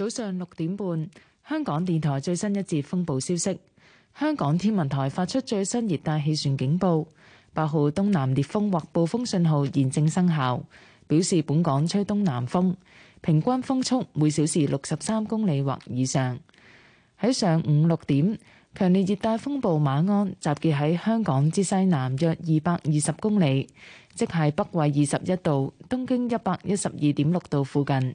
早上六點半，香港電台最新一節風暴消息。香港天文台發出最新熱帶氣旋警報，八號東南烈風或暴風信號現正生效，表示本港吹東南風，平均風速每小時六十三公里或以上。喺上午六點，強烈熱帶風暴馬鞍集結喺香港之西南約二百二十公里，即係北緯二十一度、東經一百一十二點六度附近。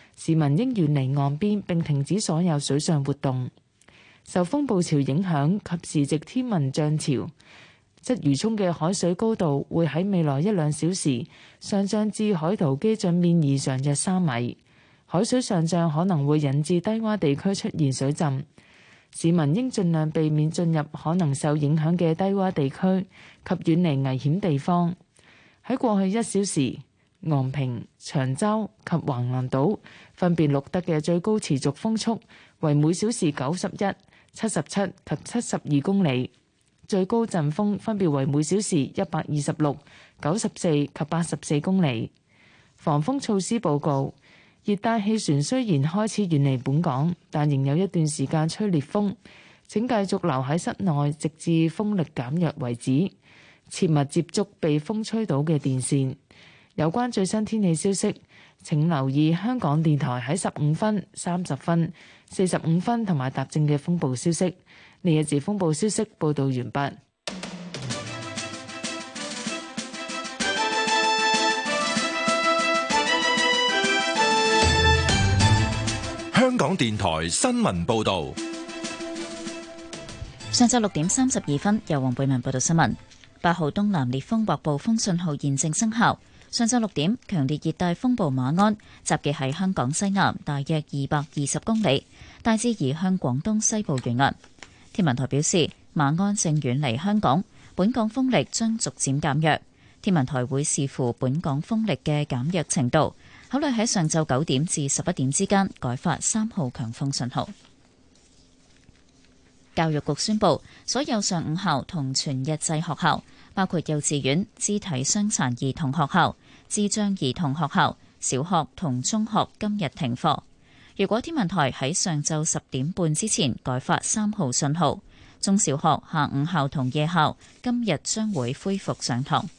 市民應遠離岸邊並停止所有水上活動。受風暴潮影響及時值天文漲潮，鰂魚涌嘅海水高度會喺未來一兩小時上漲至海圖基準面以上約三米。海水上漲可能會引致低洼地區出現水浸。市民應盡量避免進入可能受影響嘅低洼地區及遠離危險地方。喺過去一小時，昂平、長洲及橫瀾島分別錄得嘅最高持續風速為每小時九十一、七十七及七十二公里，最高陣風分別為每小時一百二十六、九十四及八十四公里。防風措施報告：熱帶氣旋雖然開始遠離本港，但仍有一段時間吹烈風。請繼續留喺室內，直至風力減弱為止，切勿接觸被風吹倒嘅電線。有關最新天氣消息，請留意香港電台喺十五分、三十分、四十五分同埋踏正嘅風暴消息。呢一次風暴消息報道完畢。香港電台新聞報道，上晝六點三十二分，由黃貝文報道新聞。八號東南烈風或暴風信號現正生效。上晝六點，強烈熱帶風暴馬鞍集結喺香港西南，大約二百二十公里，大致移向廣東西部沿岸。天文台表示，馬鞍正遠離香港，本港風力將逐漸減弱。天文台會視乎本港風力嘅減弱程度，考慮喺上晝九點至十一點之間改發三號強風信號。教育局宣布，所有上午校同全日制學校，包括幼稚園、肢體傷殘兒童學校。智障兒童學校、小學同中學今日停課。如果天文台喺上晝十點半之前改發三號信號，中小學下午校同夜校今日將會恢復上堂。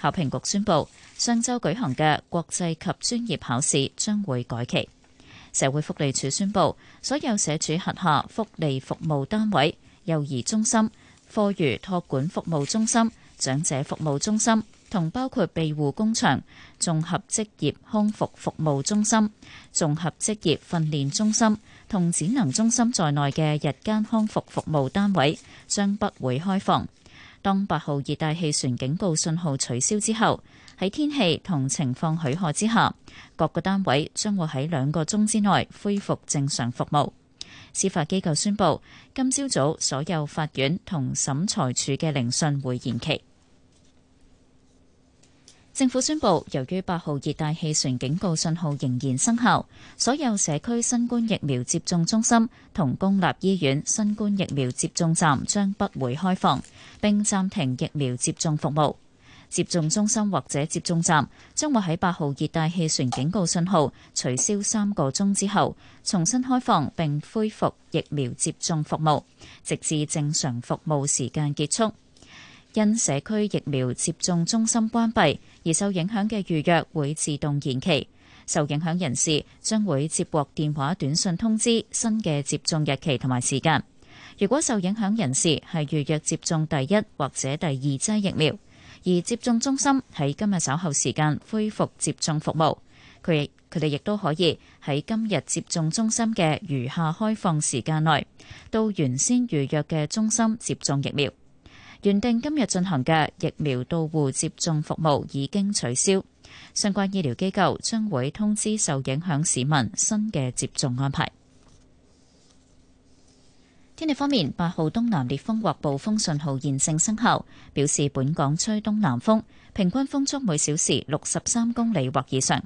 考評局宣布，上週舉行嘅國際及專業考試將會改期。社會福利署宣布，所有社署轄下福利服務單位、幼兒中心、課餘託管服務中心、長者服務中心。同包括庇護工場、綜合職業康復服務中心、綜合職業訓練中心同展能中心在內嘅日間康復服務單位將不會開放。當八號熱帶氣旋警告信號取消之後，喺天氣同情況許可之下，各個單位將會喺兩個鐘之內恢復正常服務。司法機構宣布，今朝早所有法院同審裁處嘅聆訊會延期。政府宣布，由於八號熱帶氣旋警告信號仍然生效，所有社區新冠疫苗接種中心同公立醫院新冠疫苗接種站將不會開放，並暫停疫苗接種服務。接種中心或者接種站將會喺八號熱帶氣旋警告信號取消三個鐘之後重新開放，並恢復疫苗接種服務，直至正常服務時間結束。因社區疫苗接種中心關閉而受影響嘅預約會自動延期，受影響人士將會接獲電話、短信通知新嘅接種日期同埋時間。如果受影響人士係預約接種第一或者第二劑疫苗，而接種中心喺今日稍後時間恢復接種服務，佢佢哋亦都可以喺今日接種中心嘅餘下開放時間內，到原先預約嘅中心接種疫苗。原定今日進行嘅疫苗到戶接種服務已經取消，相關醫療機構將會通知受影響市民新嘅接種安排。天氣方面，八號東南烈風或暴風信號現正生效，表示本港吹東南風，平均風速每小時六十三公里或以上。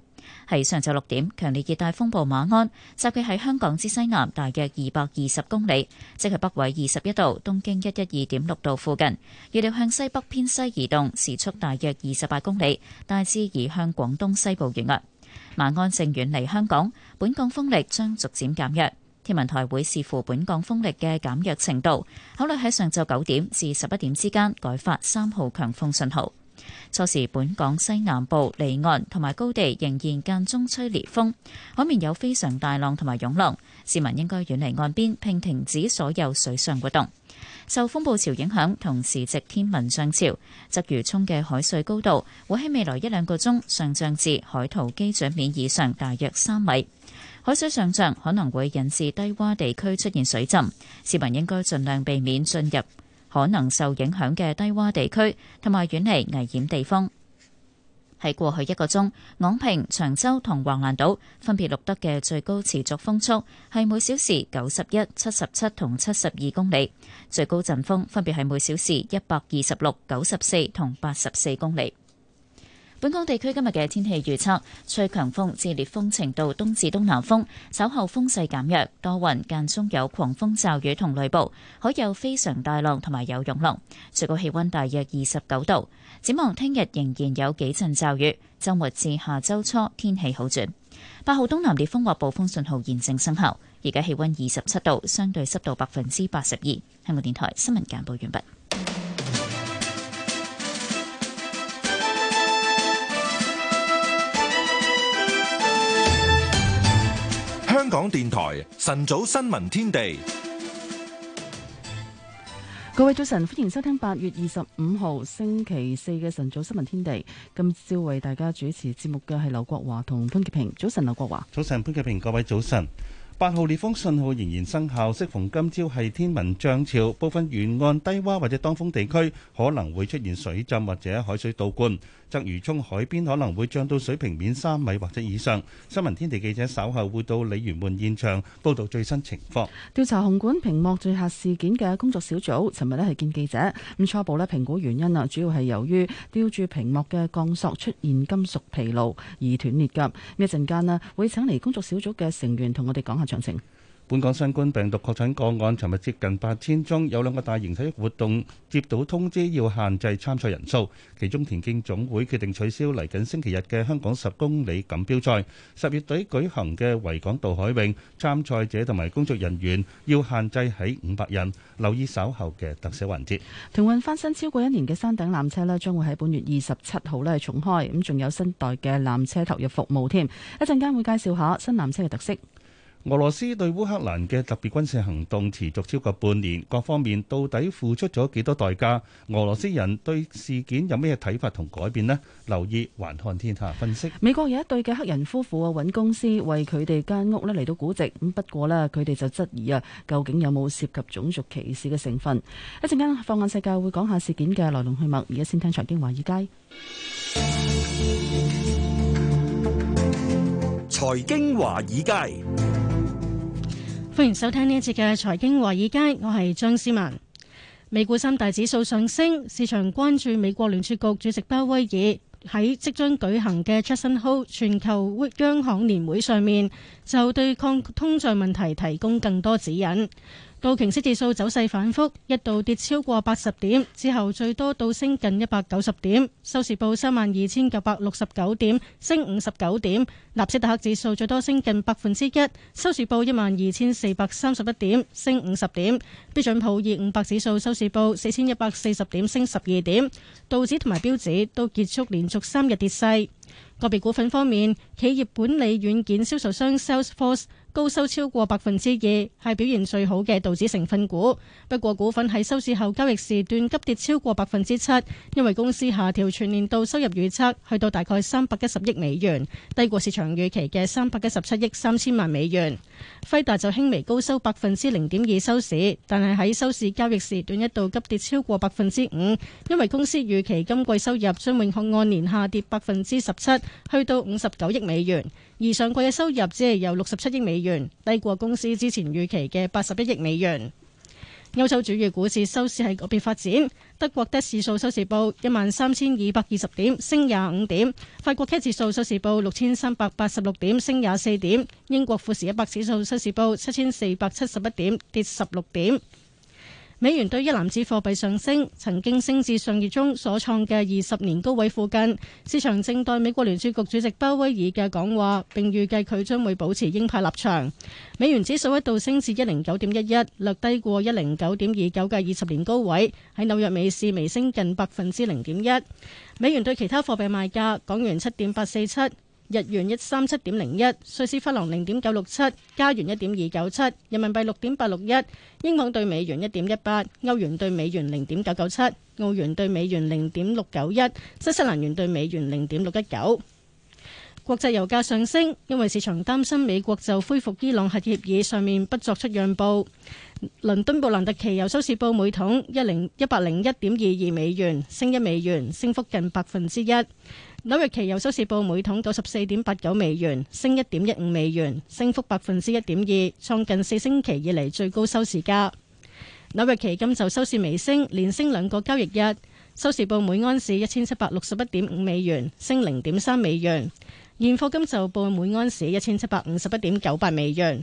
喺上晝六點，強烈熱帶風暴馬鞍集結喺香港之西南，大約二百二十公里，即係北緯二十一度、東經一一二點六度附近。預料向西北偏西移動，時速大約二十八公里，大致移向廣東西部沿岸。馬鞍正遠離香港，本港風力將逐漸減弱。天文台會視乎本港風力嘅減弱程度，考慮喺上晝九點至十一點之間改發三號強風信號。初時，本港西南部離岸同埋高地仍然間中吹烈風，海面有非常大浪同埋湧浪，市民應該遠離岸邊，並停止所有水上活動。受風暴潮影響，同時值天文上潮，鰂魚涌嘅海水高度會喺未來一兩個鐘上漲至海圖基準面以上，大約三米。海水上漲可能會引致低洼地區出現水浸，市民應該盡量避免進入。可能受影響嘅低窪地區同埋遠離危險地方。喺過去一個鐘，昂坪、長洲同橫瀾島分別錄得嘅最高持續風速係每小時九十一、七十七同七十二公里，最高陣風分別係每小時一百二十六、九十四同八十四公里。本港地區今日嘅天氣預測：吹強風至烈風程度，東至東南風，稍後風勢減弱，多雲間中有狂風驟雨同雷暴，海有非常大浪同埋有湧浪。最高氣温大約二十九度。展望聽日仍然有幾陣驟雨，週末至下周初天氣好轉。八號東南烈風或暴風信號現正生效。而家氣温二十七度，相對濕度百分之八十二。香港電台新聞簡報完畢。香港電台晨早新聞天地，各位早晨，歡迎收聽八月二十五號星期四嘅晨早新聞天地。今朝為大家主持節目嘅係劉國華同潘潔平。早晨，劉國華。早晨，潘潔平。各位早晨。八號烈風信號仍然生效，適逢今朝係天文漲潮，部分沿岸低洼或者當風地區可能會出現水浸或者海水倒灌，鰂魚涌海邊可能會漲到水平面三米或者以上。新聞天地記者稍後會到鯉魚門現場報導最新情況。調查紅館屏幕墜下事件嘅工作小組，尋日咧係見記者，咁初步咧評估原因啦，主要係由於吊住屏幕嘅鋼索出現金屬疲勞而斷裂嘅。咁一陣間咧會請嚟工作小組嘅成員同我哋講下。詳情本港新冠病毒確診個案，尋日接近八千宗，有兩個大型體育活動接到通知要限制參賽人數。其中，田徑總會決定取消嚟緊星期日嘅香港十公里錦標賽。十月底舉行嘅維港渡海泳參賽者同埋工作人員要限制喺五百人。留意稍後嘅特寫環節。停運翻新超過一年嘅山頂纜車呢，將會喺本月二十七號呢重開。咁仲有新代嘅纜車投入服務添。一陣間會介紹下新纜車嘅特色。俄羅斯對烏克蘭嘅特別軍事行動持續超過半年，各方面到底付出咗幾多代價？俄羅斯人對事件有咩睇法同改變呢？留意環看天下分析。美國有一對嘅黑人夫婦啊，搵公司為佢哋間屋咧嚟到估值，咁不過啦，佢哋就質疑啊，究竟有冇涉及種族歧視嘅成分？一陣間放眼世界會講下事件嘅來龍去脈，而家先聽財經華爾街。財經華爾街。歡迎收聽呢一節嘅財經華爾街，我係張思文。美股三大指數上升，市場關注美國聯儲局主席鮑威爾喺即將舉行嘅 Jackson Hole 全球央行年會上面，就對抗通脹問題提供更多指引。道瓊斯指數走勢反覆，一度跌超過八十點，之後最多倒升近一百九十點，收市報三萬二千九百六十九點，升五十九點。納斯達克指數最多升近百分之一，收市報一萬二千四百三十一點，升五十點。標準普爾五百指數收市報四千一百四十點，升十二點。道指同埋標指都結束連續三日跌勢。個別股份方面，企業管理軟件銷售商 Salesforce，高收超過百分之二，係表現最好嘅道指成分股。不過，股份喺收市後交易時段急跌超過百分之七，因為公司下調全年度收入預測，去到大概三百一十億美元，低過市場預期嘅三百一十七億三千萬美元。輝達就輕微高收百分之零點二收市，但係喺收市交易時段一度急跌超過百分之五，因為公司預期今季收入將會按年下跌百分之十七，去到五十九億美元。而上季嘅收入只係由六十七億美元，低過公司之前預期嘅八十一億美元。歐洲主要股市收市係個別發展，德國 DAX 指數收市報一萬三千二百二十點，升廿五點；法國 CAC 指數收市報六千三百八十六點，升廿四點；英國富時一百指數收市報七千四百七十一點，跌十六點。美元兌一籃子貨幣上升，曾經升至上月中所創嘅二十年高位附近。市場正待美國聯儲局主席鮑威爾嘅講話，並預計佢將會保持鷹派立場。美元指數一度升至一零九點一一，略低過一零九點二九嘅二十年高位。喺紐約美市微升近百分之零點一。美元對其他貨幣賣價，港元七點八四七。日元一三七點零一，瑞士法郎零點九六七，加元一點二九七，人民幣六點八六一，英鎊兌美元一點一八，歐元兌美元零點九九七，澳元兌美元零點六九一，新西蘭元兌美元零點六一九。國際油價上升，因為市場擔心美國就恢復伊朗核協議上面不作出讓步。倫敦布蘭特期油收市報每桶一百零一點二二美元，升一美元，升幅近百分之一。紐約期油收市報每桶九十四點八九美元，升一點一五美元，升幅百分之一點二，創近四星期以嚟最高收市價。紐約期金就收市微升，連升兩個交易日，收市報每安士一千七百六十一點五美元，升零點三美元。現貨金就報每安士一千七百五十一點九八美元。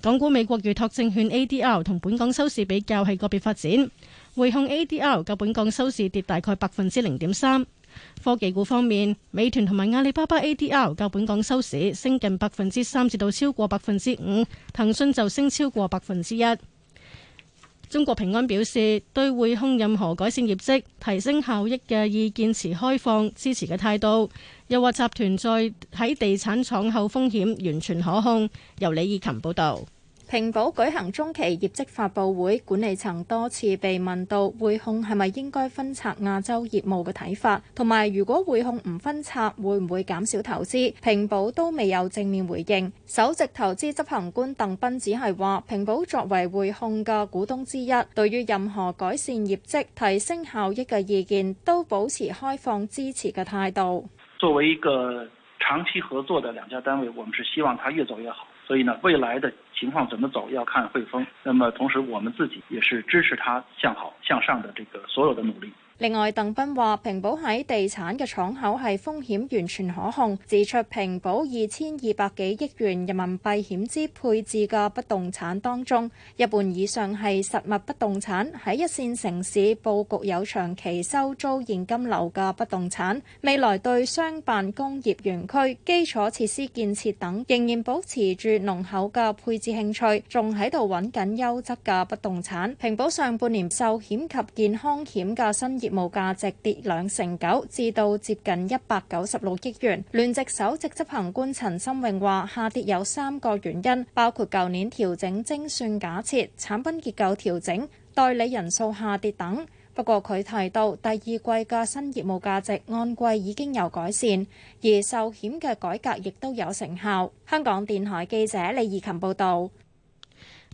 港股美國預託證券 ADR 同本港收市比較係個別發展，匯控 ADR 較本港收市跌大概百分之零點三。科技股方面，美團同埋阿里巴巴 ADR 較本港收市升近百分之三，至到超過百分之五。騰訊就升超過百分之一。中國平安表示，對匯控任何改善業績、提升效益嘅意見持開放支持嘅態度，又話集團在喺地產敞口風險完全可控。由李以琴報道。平保舉行中期業績發布會，管理層多次被問到匯控係咪應該分拆亞洲業務嘅睇法，同埋如果匯控唔分拆，會唔會減少投資，平保都未有正面回應。首席投資執行官鄧斌只係話平保作為匯控嘅股東之一，對於任何改善業績，提升效益嘅意見，都保持開放支持嘅態度。作為一個長期合作嘅兩家單位，我們是希望他越做越好。所以呢，未來的情況怎麼走，要看匯豐。那麼同時我們自己也是支持他向好向上的這個所有的努力。另外，鄧斌話平保喺地產嘅敞口係風險完全可控，指出平保二千二百幾億元人民幣險資配置嘅不動產當中，一半以上係實物不動產，喺一線城市佈局有長期收租現金流嘅不動產。未來對商辦工業園區基礎設施建設等仍然保持住濃厚嘅配置興趣，仲喺度揾緊優質嘅不動產。平保上半年壽險及健康險嘅新業務價值跌兩成九，至到接近一百九十六億元。聯席首席執行官陳森榮話，下跌有三個原因，包括舊年調整精算假設、產品結構調整、代理人數下跌等。不過佢提到，第二季嘅新業務價值按季已經有改善，而壽險嘅改革亦都有成效。香港電台記者李義琴報道，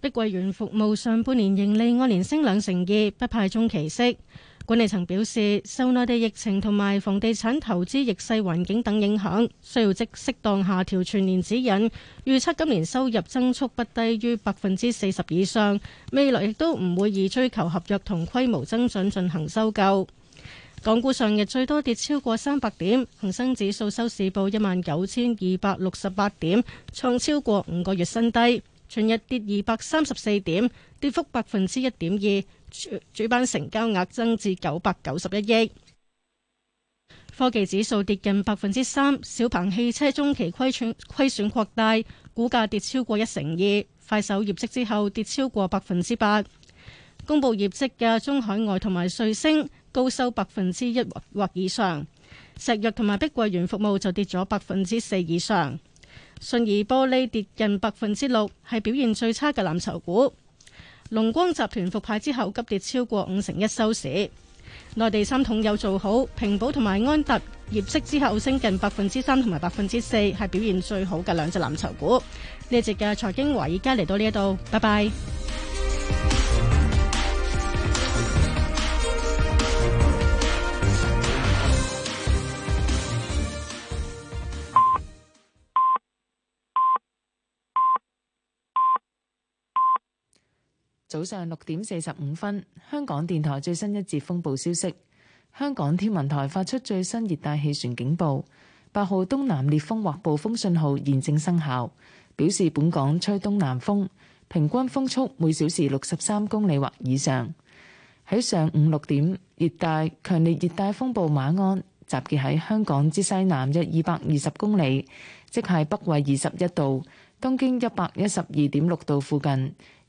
碧桂園服務上半年盈利按年升兩成二，不派中期息。管理層表示，受內地疫情同埋房地產投資逆勢環境等影響，需要即適當下調全年指引，預測今年收入增速不低於百分之四十以上。未來亦都唔會以追求合約同規模增長進行收購。港股上日最多跌超過三百點，恒生指數收市報一萬九千二百六十八點，創超過五個月新低。全日跌二百三十四點，跌幅百分之一點二。主主板成交額增至九百九十一億。科技指數跌近百分之三。小鵬汽車中期虧損虧損擴大，股價跌超過一成二。快手業績之後跌超過百分之八。公布業績嘅中海外同埋瑞聲高收百分之一或以上。石藥同埋碧桂園服務就跌咗百分之四以上。信義玻璃跌近百分之六，係表現最差嘅藍籌股。龍光集團復牌之後急跌超過五成一收市。內地三桶油做好，平保同埋安達，業績之後升近百分之三同埋百分之四，係表現最好嘅兩隻藍籌股。呢一節嘅財經華，而家嚟到呢一度，拜拜。早上六點四十五分，香港電台最新一節風暴消息。香港天文台發出最新熱帶氣旋警報，八號東南烈風或暴風信號現正生效，表示本港吹東南風，平均風速每小時六十三公里或以上。喺上午六點，熱帶強烈熱帶風暴馬鞍集結喺香港之西南約二百二十公里，即係北緯二十一度、東經一百一十二點六度附近。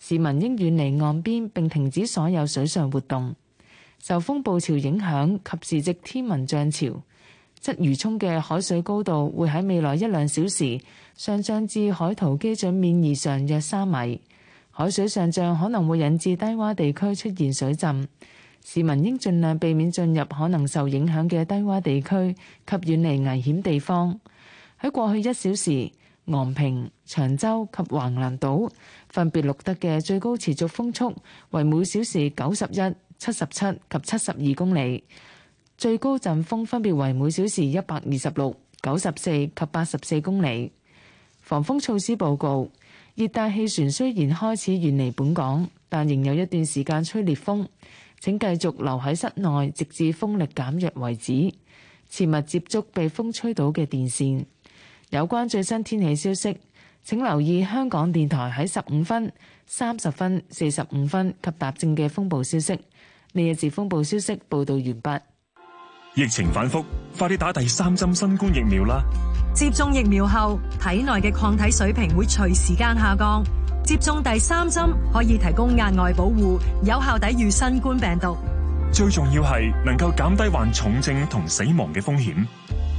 市民應遠離岸邊，並停止所有水上活動。受風暴潮影響及時值天文漲潮，鰂魚涌嘅海水高度會喺未來一兩小時上漲至海圖基準面以上約三米。海水上漲可能會引致低洼地區出現水浸，市民應盡量避免進入可能受影響嘅低洼地區及遠離危險地方。喺過去一小時，昂坪、長洲及橫瀾島，分別錄得嘅最高持續風速為每小時九十一、七十七及七十二公里，最高陣風分別為每小時一百二十六、九十四及八十四公里。防風措施報告：熱帶氣旋雖然開始遠離本港，但仍有一段時間吹烈風。請繼續留喺室內，直至風力減弱為止，切勿接觸被風吹倒嘅電線。有關最新天氣消息。請留意香港電台喺十五分、三十分、四十五分及踏正嘅風暴消息。呢一次風暴消息報道完畢。疫情反複，快啲打第三針新冠疫苗啦！接種疫苗後，體內嘅抗體水平會隨時間下降。接種第三針可以提供額外保護，有效抵禦新冠病毒。最重要係能夠減低患重症同死亡嘅風險。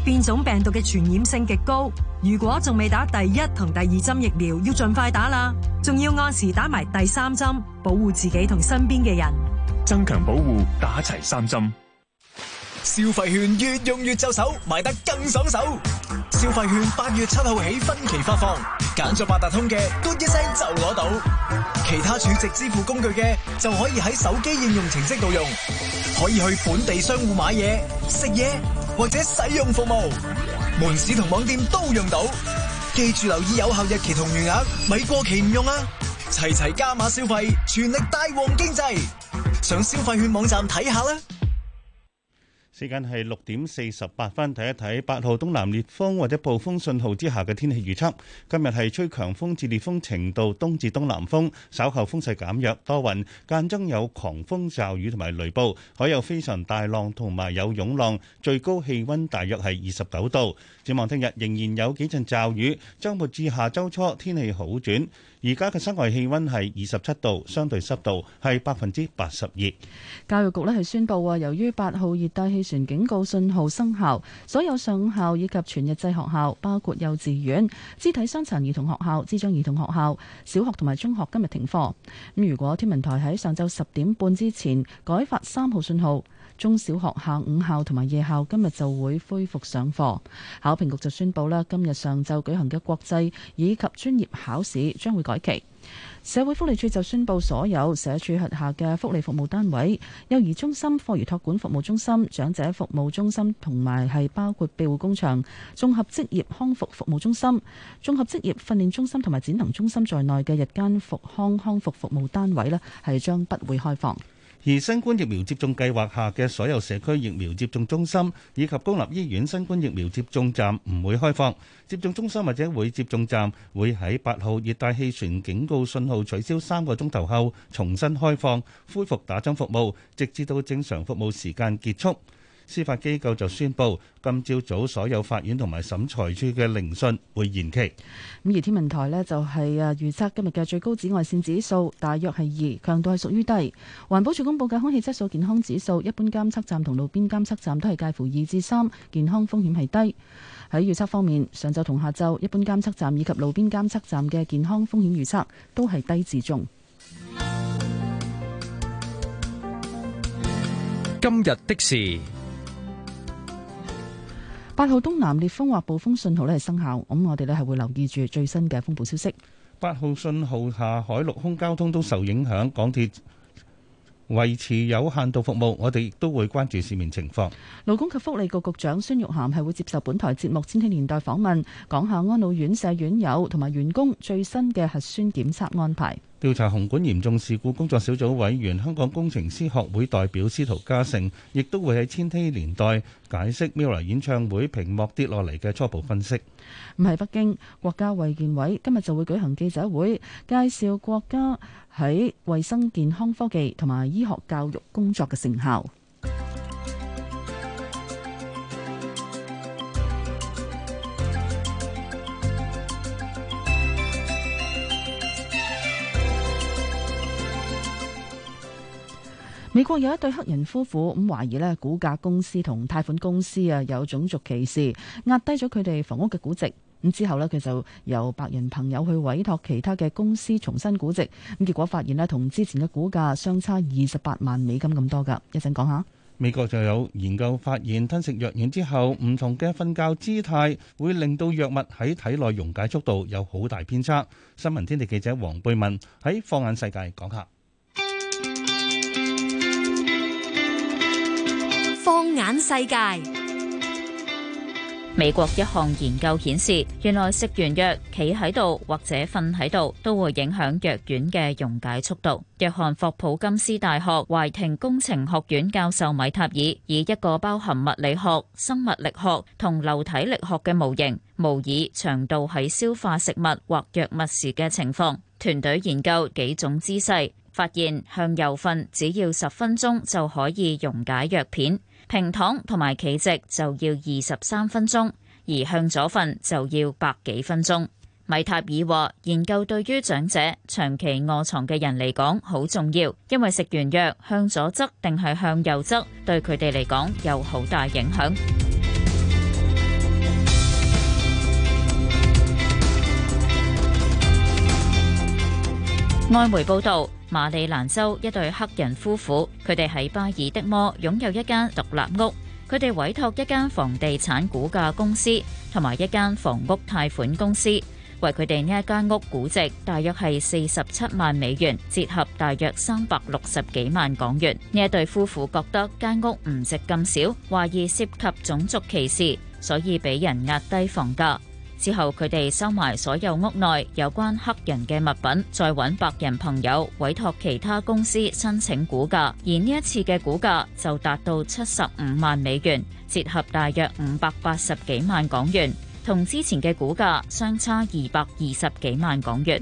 變種病毒嘅傳染性極高，如果仲未打第一同第二針疫苗，要盡快打啦，仲要按時打埋第三針，保護自己同身邊嘅人，增強保護，打齊三針。消費券越用越就手，買得更爽手。消費券八月七號起分期發放，揀咗八達通嘅，嘟一聲就攞到；其他儲值支付工具嘅，就可以喺手機應用程式度用，可以去本地商戶買嘢食嘢。或者使用服務，門市同網店都用到。記住留意有效日期同餘額，咪過期唔用啊！齊齊加碼消費，全力帶旺經濟，上消費券網站睇下啦！時間係六點四十八分，睇一睇八號東南烈風或者暴風信號之下嘅天氣預測。今日係吹強風至烈風程度，東至東南風，稍後風勢減弱，多雲，間中有狂風驟雨同埋雷暴，海有非常大浪同埋有涌浪，最高氣溫大約係二十九度。展望聽日仍然有幾陣驟雨，周末至下周初天氣好轉。而家嘅室外氣溫係二十七度，相對濕度係百分之八十二。教育局呢，係宣布話，由於八號熱帶氣旋警告信號生效，所有上校以及全日制學校，包括幼稚園、肢體傷殘兒童學校、智障兒童學校、小學同埋中學，今日停課。咁如果天文台喺上晝十點半之前改發三號信號。中小學校午校同埋夜校今日就會恢復上課。考評局就宣布啦，今日上晝舉行嘅國際以及專業考試將會改期。社會福利署就宣布，所有社署轄下嘅福利服務單位、幼兒中心、課餘托管服務中心、長者服務中心同埋係包括庇護工場、綜合職業康復服務中心、綜合職業訓練中心同埋展能中心在內嘅日間復康康復服，服務單位呢係將不會開放。而新冠疫苗接種計劃下嘅所有社區疫苗接種中心以及公立醫院新冠疫苗接種站唔會開放，接種中心或者會接種站會喺八號熱帶氣旋警告信號取消三個鐘頭後重新開放，恢復打針服務，直至到正常服務時間結束。司法機構就宣布，今朝早所有法院同埋審裁處嘅聆訊會延期。咁而天文台呢就係啊預測今日嘅最高紫外線指數大約係二，強度係屬於低。環保署公佈嘅空氣質素健康指數，一般監測站同路邊監測站都係介乎二至三，健康風險係低。喺預測方面，上晝同下晝一般監測站以及路邊監測站嘅健康風險預測都係低至中。今日的事。八號東南烈風或暴風信號咧係生效，咁我哋咧係會留意住最新嘅風暴消息。八號信號下，海陸空交通都受影響，港鐵維持有限度服務，我哋亦都會關注市面情況。勞工及福利局局，局長孫玉菡係會接受本台節目《千禧年代》訪問，講下安老院舍院友同埋員工最新嘅核酸檢測安排。調查紅館嚴重事故工作小組委員、香港工程師學會代表司徒嘉盛，亦都會喺千禧年代解釋 Mirror 演唱會屏幕跌落嚟嘅初步分析。唔係，北京國家衛健委今日就會舉行記者會，介紹國家喺衛生健康科技同埋醫學教育工作嘅成效。美國有一對黑人夫婦咁懷疑咧，估價公司同貸款公司啊有種族歧視，壓低咗佢哋房屋嘅估值。咁之後咧，佢就由白人朋友去委託其他嘅公司重新估值，咁結果發現咧，同之前嘅估價相差二十八萬美金咁多噶。講一陣講下。美國就有研究發現，吞食藥丸之後，唔同嘅瞓覺姿態會令到藥物喺體內溶解速度有好大偏差。新聞天地記者黃貝文喺放眼世界講下。放眼世界，美國一項研究顯示，原來食完藥，企喺度或者瞓喺度都會影響藥丸嘅溶解速度。約翰霍普金斯大學懷廷工程學院教授米塔爾以一個包含物理學、生物力學同流體力學嘅模型模擬腸道喺消化食物或藥物時嘅情況。團隊研究幾種姿勢，發現向右瞓只要十分鐘就可以溶解藥片。平躺同埋企直就要二十三分鐘，而向左瞓就要百幾分鐘。米塔爾話：研究對於長者、長期臥床嘅人嚟講好重要，因為食完藥向左側定係向右側，對佢哋嚟講有好大影響。外媒報道，馬里蘭州一對黑人夫婦，佢哋喺巴爾的摩擁有一間獨立屋，佢哋委託一間房地產估價公司同埋一間房屋貸款公司，為佢哋呢一間屋估值大約係四十七萬美元，折合大約三百六十幾萬港元。呢一對夫婦覺得間屋唔值咁少，懷疑涉及種族歧視，所以俾人壓低房價。之後，佢哋收埋所有屋內有關黑人嘅物品，再揾白人朋友委託其他公司申請估價，而呢一次嘅估價就達到七十五萬美元，折合大約五百八十幾萬港元，同之前嘅估價相差二百二十幾萬港元。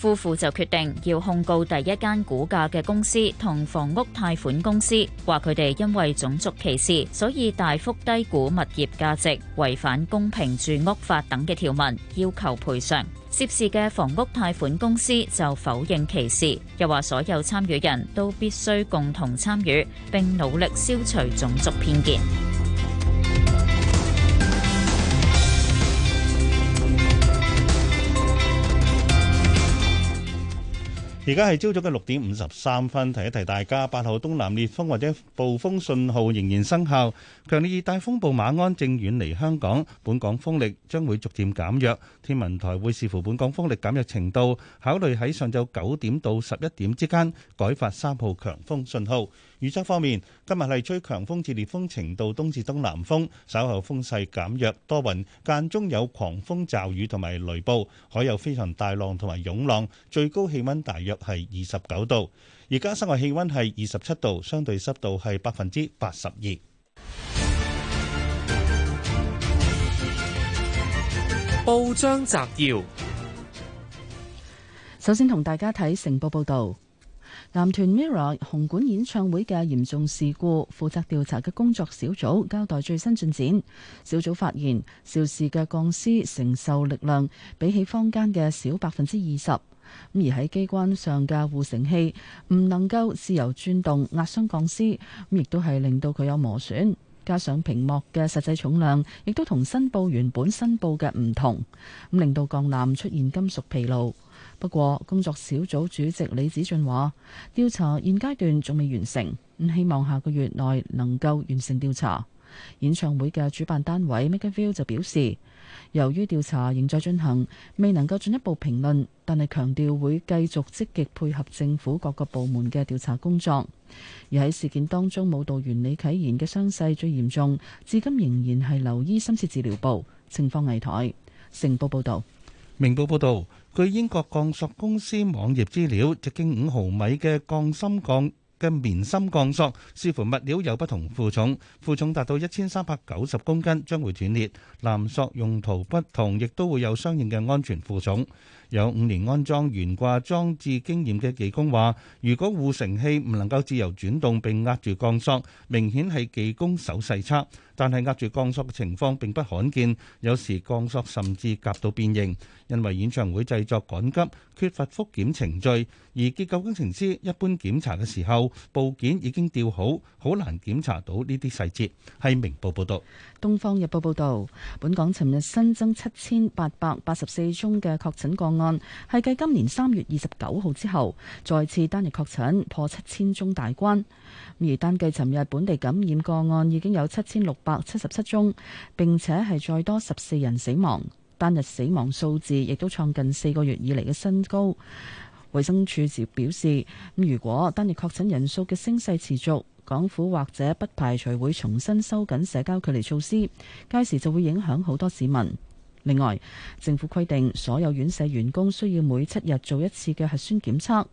夫婦就決定要控告第一間估價嘅公司同房屋貸款公司，話佢哋因為種族歧視，所以大幅低估物業價值，違反公平住屋法等嘅條文，要求賠償。涉事嘅房屋貸款公司就否認歧視，又話所有參與人都必須共同參與，並努力消除種族偏見。而家係朝早嘅六點五十三分，提一提大家，八號東南烈風或者暴風信號仍然生效。強烈熱帶風暴馬鞍正遠離香港，本港風力將會逐漸減弱。天文台會視乎本港風力減弱程度，考慮喺上晝九點到十一點之間改發三號強風信號。預測方面，今日係吹強風至烈風程度，東至東南風，稍後風勢減弱，多雲，間中有狂風驟雨同埋雷暴，海有非常大浪同埋湧浪，最高氣溫大約係二十九度。而家室外氣溫係二十七度，相對濕度係百分之八十二。報章摘要，首先同大家睇成報報道。男團 Mirror 紅館演唱會嘅嚴重事故，負責調查嘅工作小組交代最新進展。小組發現，肇事嘅鋼絲承受力量比起坊間嘅少百分之二十。咁而喺機關上嘅護繩器唔能夠自由轉動，壓傷鋼絲，壓傷鋼絲，咁亦都係令到佢有磨損。加上屏幕嘅實際重量亦都同申報原本申報嘅唔同，咁令到鋼纜出現金屬疲勞。不過，工作小組主席李子俊話：調查現階段仲未完成，希望下個月內能夠完成調查。演唱會嘅主辦單位 MakerVille 就表示，由於調查仍在進行，未能夠進一步評論，但係強調會繼續積極配合政府各個部門嘅調查工作。而喺事件當中，舞蹈員李啟賢嘅傷勢最嚴重，至今仍然係留醫深切治療部，情況危殆。成報報導，明報報導。據英國鋼索公司網頁資料，直徑五毫米嘅鋼芯鋼嘅棉芯鋼索，視乎物料有不同負重，負重達到一千三百九十公斤將會斷裂。藍索用途不同，亦都會有相應嘅安全負重。有五年安裝懸掛裝置經驗嘅技工話，如果護城器唔能夠自由轉動並壓住鋼索，明顯係技工手勢差。但係壓住鋼索嘅情況並不罕見，有時鋼索甚至夾到變形。因為演唱會製作趕急，缺乏復檢程序，而結構工程師一般檢查嘅時候，部件已經吊好，好難檢查到呢啲細節，係明報報道。《東方日報》報導，本港尋日新增七千八百八十四宗嘅確診個案，係繼今年三月二十九號之後，再次單日確診破七千宗大關。而單計尋日本地感染個案已經有七千六百七十七宗，並且係再多十四人死亡，單日死亡數字亦都創近四個月以嚟嘅新高。衛生署就表示，如果單日確診人數嘅升勢持續，港府或者不排除會重新收緊社交距離措施，屆時就會影響好多市民。另外，政府規定所有院舍員工需要每七日做一次嘅核酸檢測，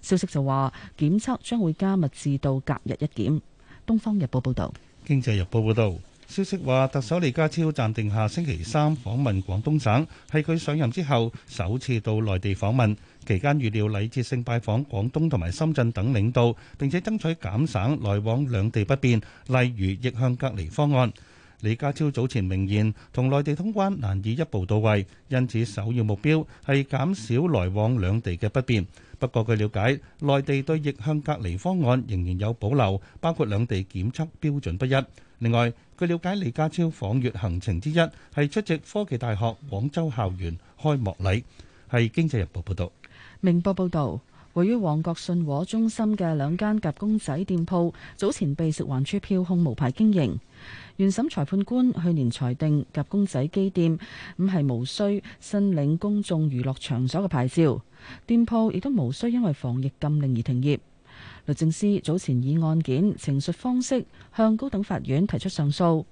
消息就話檢測將會加密至到隔日一檢。《東方日報》報道。經濟日報報道，消息話特首李家超暫定下星期三訪問廣東省，係佢上任之後首次到內地訪問。期間預料禮節性拜訪廣東同埋深圳等領導,並且爭取減省來往兩地不便,例如逆向隔離方案。李家超早前明言,同內地通關難以一步到位,因此首要目標係減少來往兩地嘅不便。不過,據了解,內地對逆向隔離方案仍然有保留,包括兩地檢測標準不一。另外,據了解李家超訪粵行程之一,係出席科技大學廣州校園開幕禮。係《經濟日報》報報道。明報報道，位於旺角信和中心嘅兩間夾公仔店鋪早前被食環署票控無牌經營。原審裁判官去年裁定夾公仔機店唔係無需申領公眾娛樂場所嘅牌照，店鋪亦都無需因為防疫禁令而停業。律政司早前以案件陳述方式向高等法院提出上訴，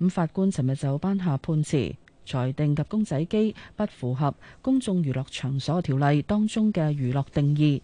咁法官尋日就頒下判詞。裁定及公仔機不符合公眾娛樂場所條例當中嘅娛樂定義，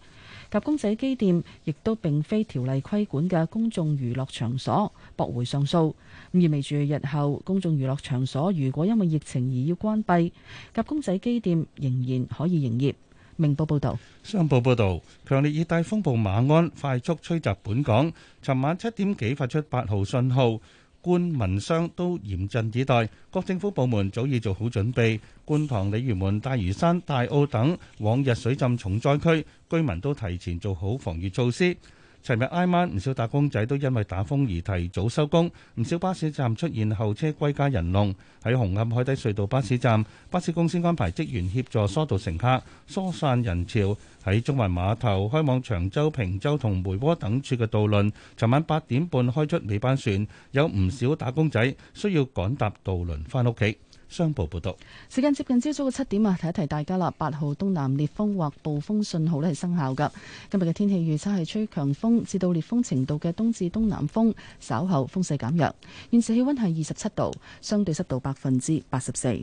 及公仔機店亦都並非條例規管嘅公眾娛樂場所，駁回上訴。咁意味住，日後公眾娛樂場所如果因為疫情而要關閉，及公仔機店仍然可以營業。明報報道，商報報道，強烈熱帶風暴馬鞍快速吹襲本港，尋晚七點幾發出八號信號。官民商都嚴陣以待，各政府部門早已做好準備。觀塘、鯉魚門、大嶼山、大澳等往日水浸重災區居民都提前做好防禦措施。尋日挨晚，唔少打工仔都因為打風而提早收工，唔少巴士站出現候車歸家人龍。喺紅磡海底隧道巴士站，巴士公司安排職員協助疏導乘客、疏散人潮。喺中環碼頭開往長洲、坪洲同梅窩等處嘅渡輪，尋晚八點半開出尾班船，有唔少打工仔需要趕搭渡輪翻屋企。商報報道，時間接近朝早嘅七點啊，提一提大家啦，八號東南烈風或暴風信號呢係生效噶。今日嘅天氣預測係吹強風至到烈風程度嘅東至東南風，稍後風勢減弱。現時氣溫係二十七度，相對濕度百分之八十四。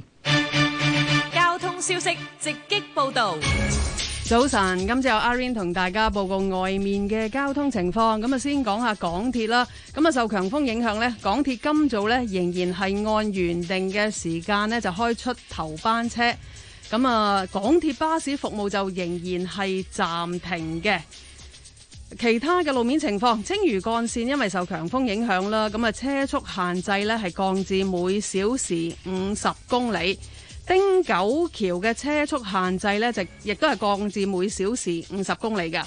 交通消息直擊報道。早晨，今朝有阿 Rain 同大家報告外面嘅交通情況。咁啊，先講下港鐵啦。咁啊，受強風影響呢，港鐵今早呢仍然係按原定嘅時間呢就開出頭班車。咁啊，港鐵巴士服務就仍然係暫停嘅。其他嘅路面情況，青嶼幹線因為受強風影響啦，咁啊，車速限制呢係降至每小時五十公里。汀九橋嘅車速限制呢，就亦都係降至每小時五十公里嘅。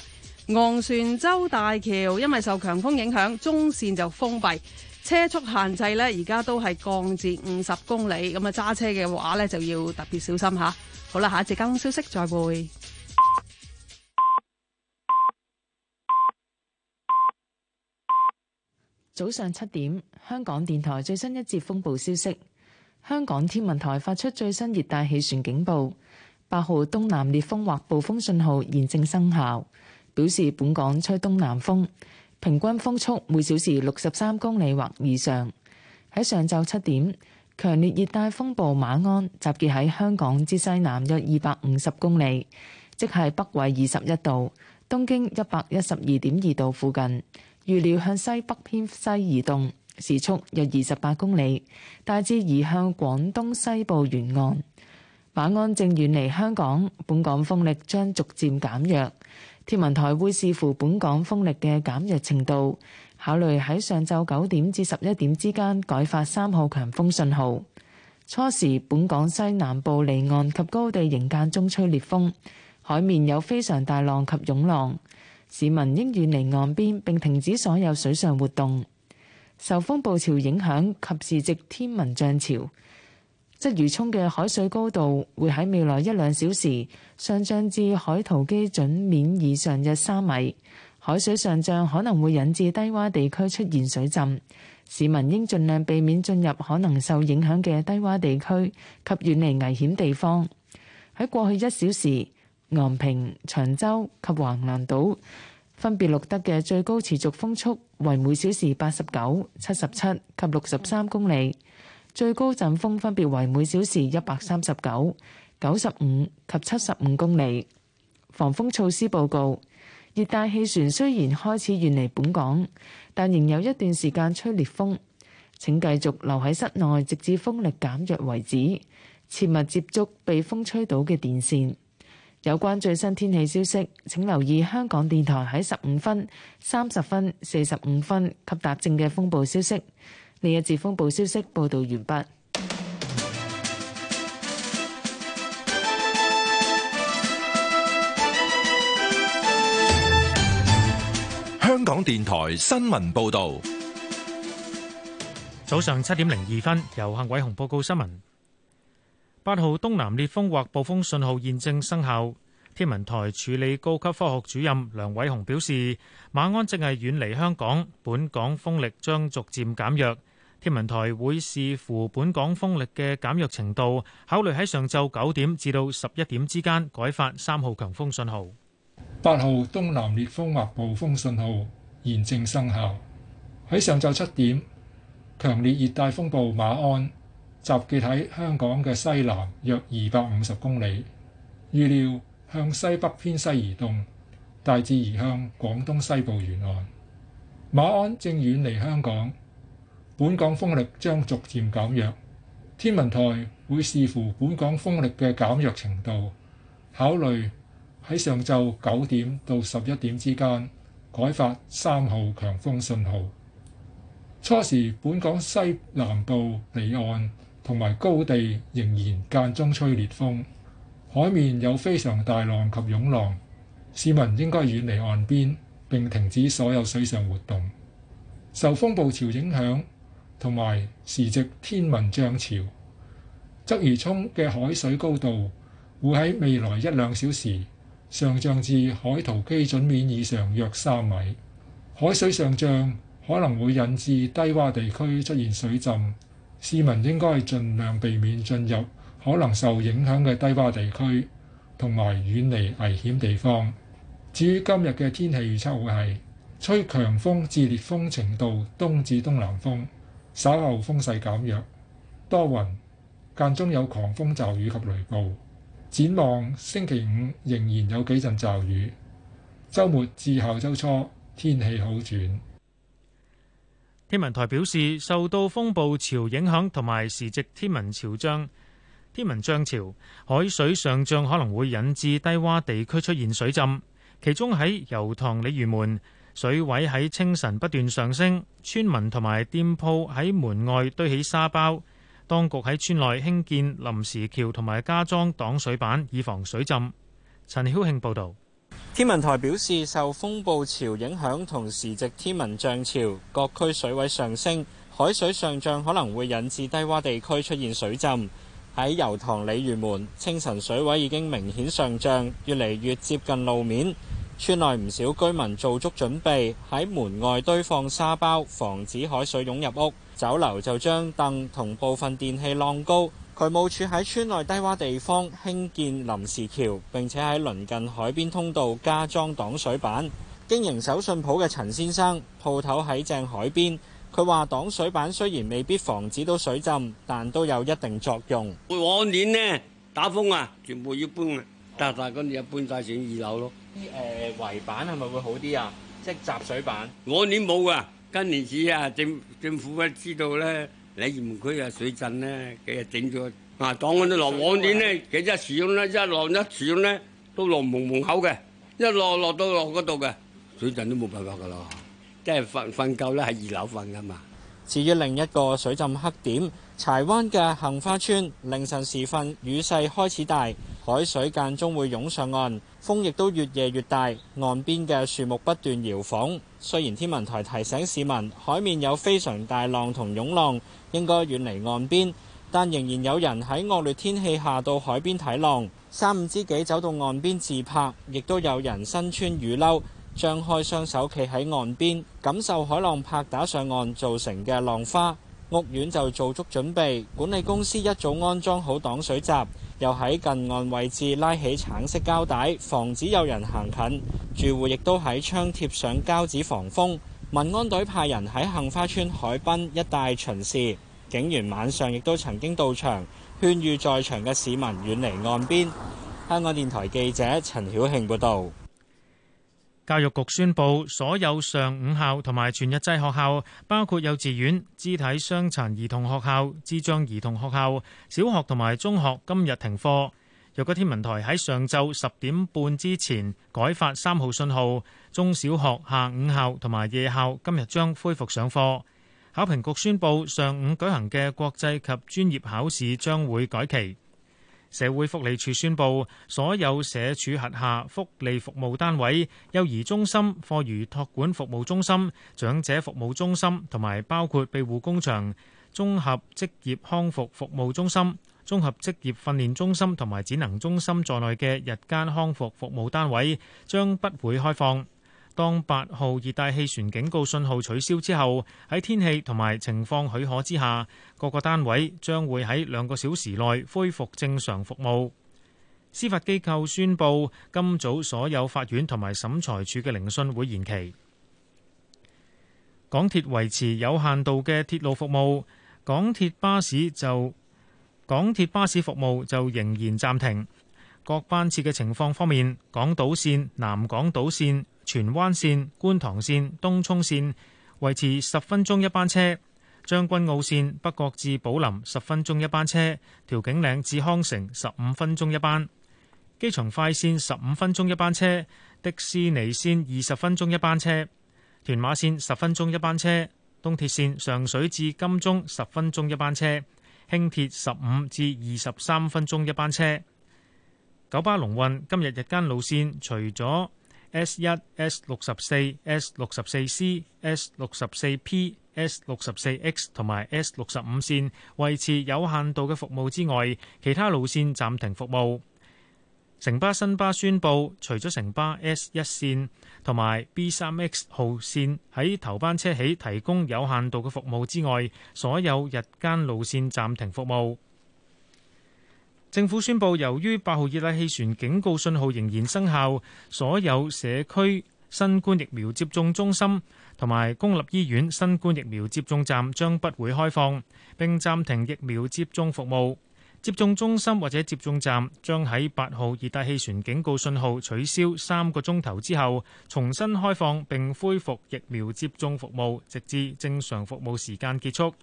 昂船洲大橋因為受強風影響，中線就封閉，車速限制呢，而家都係降至五十公里，咁啊揸車嘅話呢，就要特別小心吓。好啦，下一節交通消息再會。早上七點，香港電台最新一節風暴消息。香港天文台發出最新熱帶氣旋警報，八號東南烈風或暴風信號現正生效，表示本港吹東南風，平均風速每小時六十三公里或以上。喺上晝七點，強烈熱帶風暴馬鞍集結喺香港之西南約二百五十公里，即係北緯二十一度、東經一百一十二點二度附近，預料向西北偏西移動。時速日二十八公里，大致於向廣東西部原岸。把案正原離香港，本港風力將逐漸減弱。天文台會示富本港風力的減弱程度，考慮在上周九點至十一點之間改發三號坦風信號。初時，本港西南部離岸及高地迎戰中吹列風，海面有非常大浪及湧浪。市民應原離岸邊並停止所有水上活動。受風暴潮影響及時值天文漲潮，鰂魚涌嘅海水高度會喺未來一兩小時上漲至海圖基準面以上約三米。海水上漲可能會引致低洼地區出現水浸，市民應盡量避免進入可能受影響嘅低洼地區及遠離危險地方。喺過去一小時，昂坪、長洲及橫瀾島，分別錄得嘅最高持續風速為每小時八十九、七十七及六十三公里，最高陣風分別為每小時一百三十九、九十五及七十五公里。防風措施報告：熱帶氣旋雖然開始遠離本港，但仍有一段時間吹烈風。請繼續留喺室內，直至風力減弱為止，切勿接觸被風吹倒嘅電線。有關最新天氣消息，請留意香港電台喺十五分、三十分、四十五分及達正嘅風暴消息。呢一節風暴消息報道完畢。香港電台新聞報道，早上七點零二分，由幸偉雄報告新聞。八號東南烈風或暴風信號現正生效。天文台助理高級科學主任梁偉雄表示，馬鞍正係遠離香港，本港風力將逐漸減弱。天文台會視乎本港風力嘅減弱程度，考慮喺上晝九點至到十一點之間改發三號強風信號。八號東南烈風或暴風信號現正生效。喺上晝七點，強烈熱帶風暴馬鞍。集結喺香港嘅西南約二百五十公里，預料向西北偏西移動，大致移向廣東西部沿岸。馬鞍正遠離香港，本港風力將逐漸減弱。天文台會視乎本港風力嘅減弱程度，考慮喺上晝九點到十一點之間改發三號強風信號。初時本港西南部離岸，同埋高地仍然間中吹烈風，海面有非常大浪及湧浪，市民應該遠離岸邊並停止所有水上活動。受風暴潮影響，同埋時值天文漲潮，鰂魚湧嘅海水高度會喺未來一兩小時上漲至海圖基準面以上約三米，海水上漲可能會引致低洼地區出現水浸。市民應該盡量避免進入可能受影響嘅低洼地區，同埋遠離危險地方。至於今日嘅天氣預測，會係吹強風至烈風程度，東至東南風，稍後風勢減弱，多雲，間中有狂風驟雨及雷暴。展望星期五仍然有幾陣驟雨，週末至後週初天氣好轉。天文台表示，受到風暴潮影響同埋時值天文潮漲，天文漲潮，潮，海水上漲可能會引致低洼地區出現水浸。其中喺油塘鯉魚門，水位喺清晨不斷上升，村民同埋店鋪喺門外堆起沙包，當局喺村內興建臨時橋同埋加裝擋水板以防水浸。陳曉慶報道。天文台表示，受風暴潮影響同時值天文漲潮，各區水位上升，海水上漲可能會引致低窪地區出現水浸。喺油塘鯉魚門，清晨水位已經明顯上漲，越嚟越接近路面。村內唔少居民做足準備，喺門外堆放沙包，防止海水湧入屋。酒樓就將凳同部分電器晾高。渠務處喺村內低洼地方興建臨時橋，並且喺鄰近海邊通道加裝擋水板。經營手信鋪嘅陳先生，鋪頭喺正海邊，佢話擋水板雖然未必防止到水浸，但都有一定作用。往年呢，打風啊，全部要搬啊，但但今年又搬晒上二樓咯。啲誒圍板係咪會好啲啊？即係集水板。我年冇啊，今年只啊政政府知道咧。喺鹽門區嘅水浸咧，幾日整咗啊！當嗰啲落往年咧，佢一少咧一落一少咧都落門門口嘅，一落落到落嗰度嘅水浸都冇辦法噶喇。即係瞓瞓覺咧，喺二樓瞓噶嘛。至於另一個水浸黑點，柴灣嘅杏花村，凌晨時分雨勢開始大，海水間中會湧上岸。風亦都越夜越大，岸邊嘅樹木不斷搖晃。雖然天文台提醒市民海面有非常大浪同湧浪，應該遠離岸邊，但仍然有人喺惡劣天氣下到海邊睇浪。三五知己走到岸邊自拍，亦都有人身穿雨褸，張開雙手企喺岸邊感受海浪拍打上岸造成嘅浪花。屋苑就做足準備，管理公司一早安裝好擋水閘，又喺近岸位置拉起橙色膠帶，防止有人行近。住戶亦都喺窗貼上膠紙防風。民安隊派人喺杏花村海濱一帶巡視，警員晚上亦都曾經到場勸喻在場嘅市民遠離岸邊。香港電台記者陳曉慶報道。教育局宣布，所有上午校同埋全日制學校，包括幼稚園、肢體傷殘兒童學校、智障兒童學校、小學同埋中學，今日停課。若果天文台喺上晝十點半之前改發三號信號，中小學下午校同埋夜校今日將恢復上課。考評局宣布，上午舉行嘅國際及專業考試將會改期。社會福利署宣布，所有社署轄下福利服務單位、幼兒中心、課餘托管服務中心、長者服務中心同埋包括庇護工場、綜合職業康復服務中心、綜合職業訓練中心同埋展能中心在內嘅日間康復服務單位將不會開放。當八號熱帶氣旋警告信號取消之後，喺天氣同埋情況許可之下，各個單位將會喺兩個小時內恢復正常服務。司法機構宣布今早所有法院同埋審裁處嘅聆訊會延期。港鐵維持有限度嘅鐵路服務，港鐵巴士就港鐵巴士服務就仍然暫停。各班次嘅情況方面，港島線、南港島線、荃灣線、觀塘線、東涌線維持十分鐘一班車；將軍澳線北角至寶林十分鐘一班車，調景嶺至康城十五分鐘一班；機場快線十五分鐘一班車，迪士尼線二十分鐘一班車，屯馬線十分鐘一班車，東鐵線上水至金鐘十分鐘一班車，輕鐵十五至二十三分鐘一班車。九巴龍運今日日間路線，除咗 S 一、S 六十四、S 六十四 C、S 六十四 P、S 六十四 X 同埋 S 六十五線維持有限度嘅服務之外，其他路線暫停服務。城巴新巴宣布，除咗城巴 S 一線同埋 B 三 X 號線喺頭班車起提供有限度嘅服務之外，所有日間路線暫停服務。政府宣布，由於八號熱帶氣旋警告信號仍然生效，所有社區新冠疫苗接種中心同埋公立醫院新冠疫苗接種站將不會開放，並暫停疫苗接種服務。接種中心或者接種站將喺八號熱帶氣旋警告信號取消三個鐘頭之後重新開放，並恢復疫苗接種服務，直至正常服務時間結束。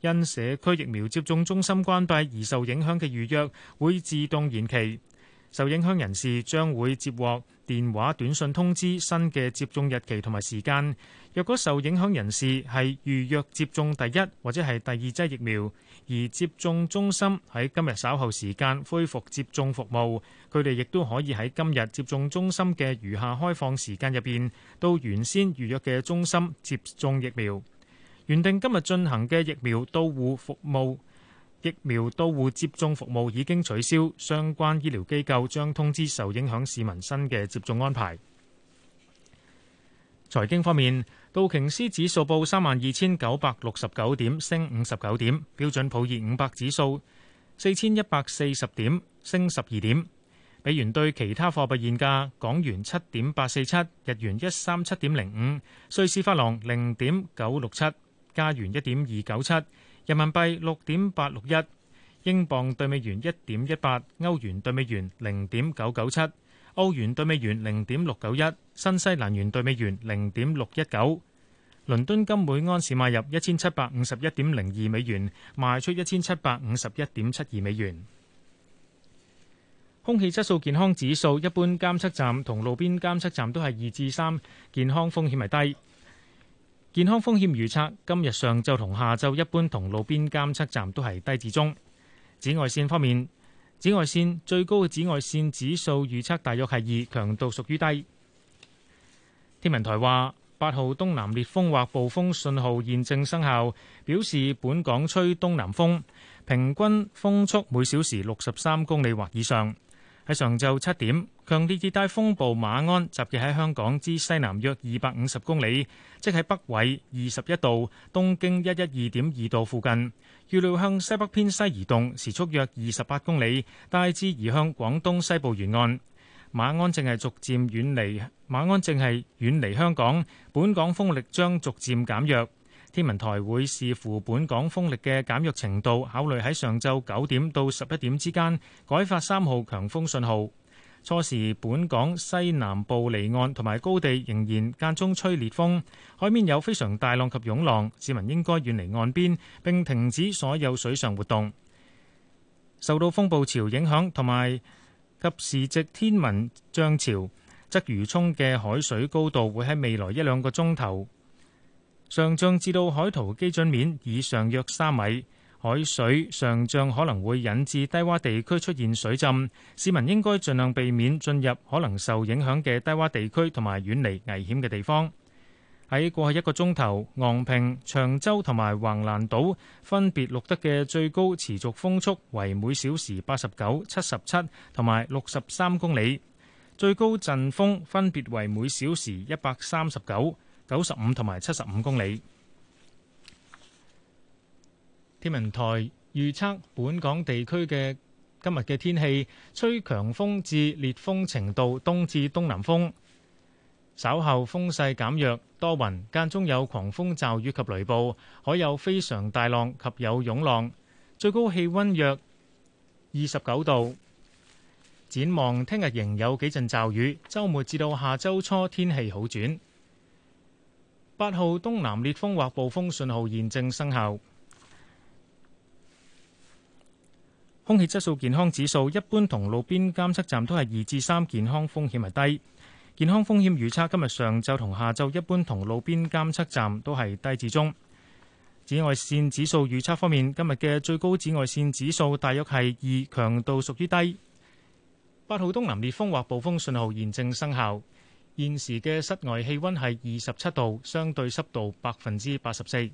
因社區疫苗接種中心關閉而受影響嘅預約會自動延期，受影響人士將會接獲電話、短信通知新嘅接種日期同埋時間。若果受影響人士係預約接種第一或者係第二劑疫苗，而接種中心喺今日稍後時間恢復接種服務，佢哋亦都可以喺今日接種中心嘅餘下開放時間入面，到原先預約嘅中心接種疫苗。原定今日進行嘅疫苗到戶服務，疫苗到戶接種服務已經取消，相關醫療機構將通知受影響市民新嘅接種安排。財經方面，道瓊斯指數報三萬二千九百六十九點，升五十九點；標準普爾五百指數四千一百四十點，升十二點。美元對其他貨幣現價：港元七點八四七，日元一三七點零五，瑞士法郎零點九六七。加元一點二九七，人民幣六點八六一，英鎊對美元一點一八，歐元對美元零點九九七，歐元對美元零點六九一，新西蘭元對美元零點六一九。倫敦金每安士買入一千七百五十一點零二美元，賣出一千七百五十一點七二美元。空氣質素健康指數，一般監測站同路邊監測站都係二至三，健康風險係低。健康風險預測今日上晝同下晝一般，同路邊監測站都係低至中。紫外線方面，紫外線最高嘅紫外線指數預測大約係二，強度屬於低。天文台話八號東南烈風或暴風信號現正生效，表示本港吹東南風，平均風速每小時六十三公里或以上。喺上晝七點。強烈熱帶風暴馬鞍集結喺香港之西南約二百五十公里，即喺北緯二十一度，東經一一二點二度附近。預料向西北偏西移動，時速約二十八公里，大致移向廣東西部沿岸。馬鞍正係逐漸遠離馬鞍正係遠離香港，本港風力將逐漸減弱。天文台會視乎本港風力嘅減弱程度，考慮喺上晝九點到十一點之間改發三號強風信號。初時，本港西南部離岸同埋高地仍然間中吹烈風，海面有非常大浪及湧浪，市民應該遠離岸邊並停止所有水上活動。受到風暴潮影響同埋及時值天文漲潮，鰂魚涌嘅海水高度會喺未來一兩個鐘頭上漲至到海圖基準面以上約三米。海水上漲可能會引致低洼地區出現水浸，市民應該盡量避免進入可能受影響嘅低洼地區，同埋遠離危險嘅地方。喺過去一個鐘頭，昂坪、長洲同埋橫瀾島分別錄得嘅最高持續風速為每小時八十九、七十七同埋六十三公里，最高陣風分別為每小時一百三十九、九十五同埋七十五公里。天文台預測本港地區嘅今日嘅天氣吹強風至烈風程度，東至東南風。稍後風勢減弱，多雲間中有狂風、驟雨及雷暴，海有非常大浪及有湧浪。最高氣温約二十九度。展望聽日仍有幾陣驟雨，週末至到下周初天氣好轉。八號東南烈風或暴風信號現正生效。空氣質素健康指數一般同路邊監測站都係二至三，健康風險係低。健康風險預測，今日上晝同下晝一般同路邊監測站都係低至中。紫外線指數預測方面，今日嘅最高紫外線指數大約係二，強度屬於低。八號東南烈風或暴風信號現正生效。現時嘅室外氣温係二十七度，相對濕度百分之八十四。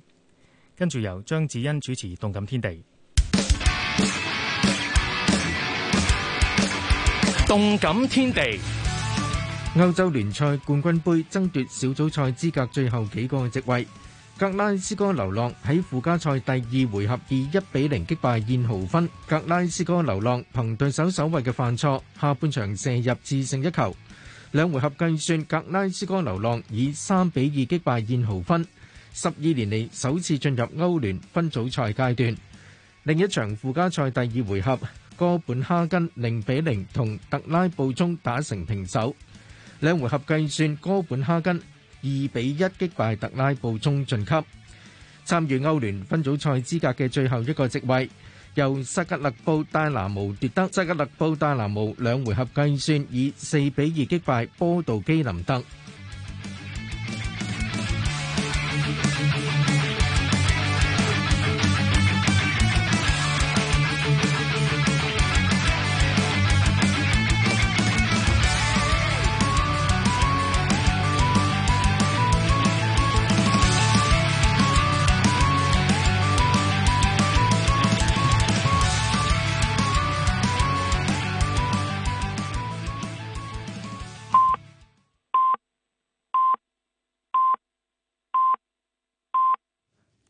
跟住由張子欣主持《動感天地》。 動感天地，歐洲聯賽冠軍盃爭奪小組賽資格最後幾個嘅席位，格拉斯哥流浪喺附加賽第二回合以一比零擊敗燕豪芬。格拉斯哥流浪憑對手守衛嘅犯錯，下半場射入致勝一球。兩回合計算，格拉斯哥流浪以三比二擊敗燕豪芬，十二年嚟首次進入歐聯分組賽階段。另一場附加賽第二回合。哥本哈根零比零同特拉布宗打成平手，兩回合計算，哥本哈根二比一擊敗特拉布宗晉級，參與歐聯分組賽資格嘅最後一個席位，由塞格勒布戴拿模奪得。塞格勒布戴拿模兩回合計算以四比二擊敗波道基林德。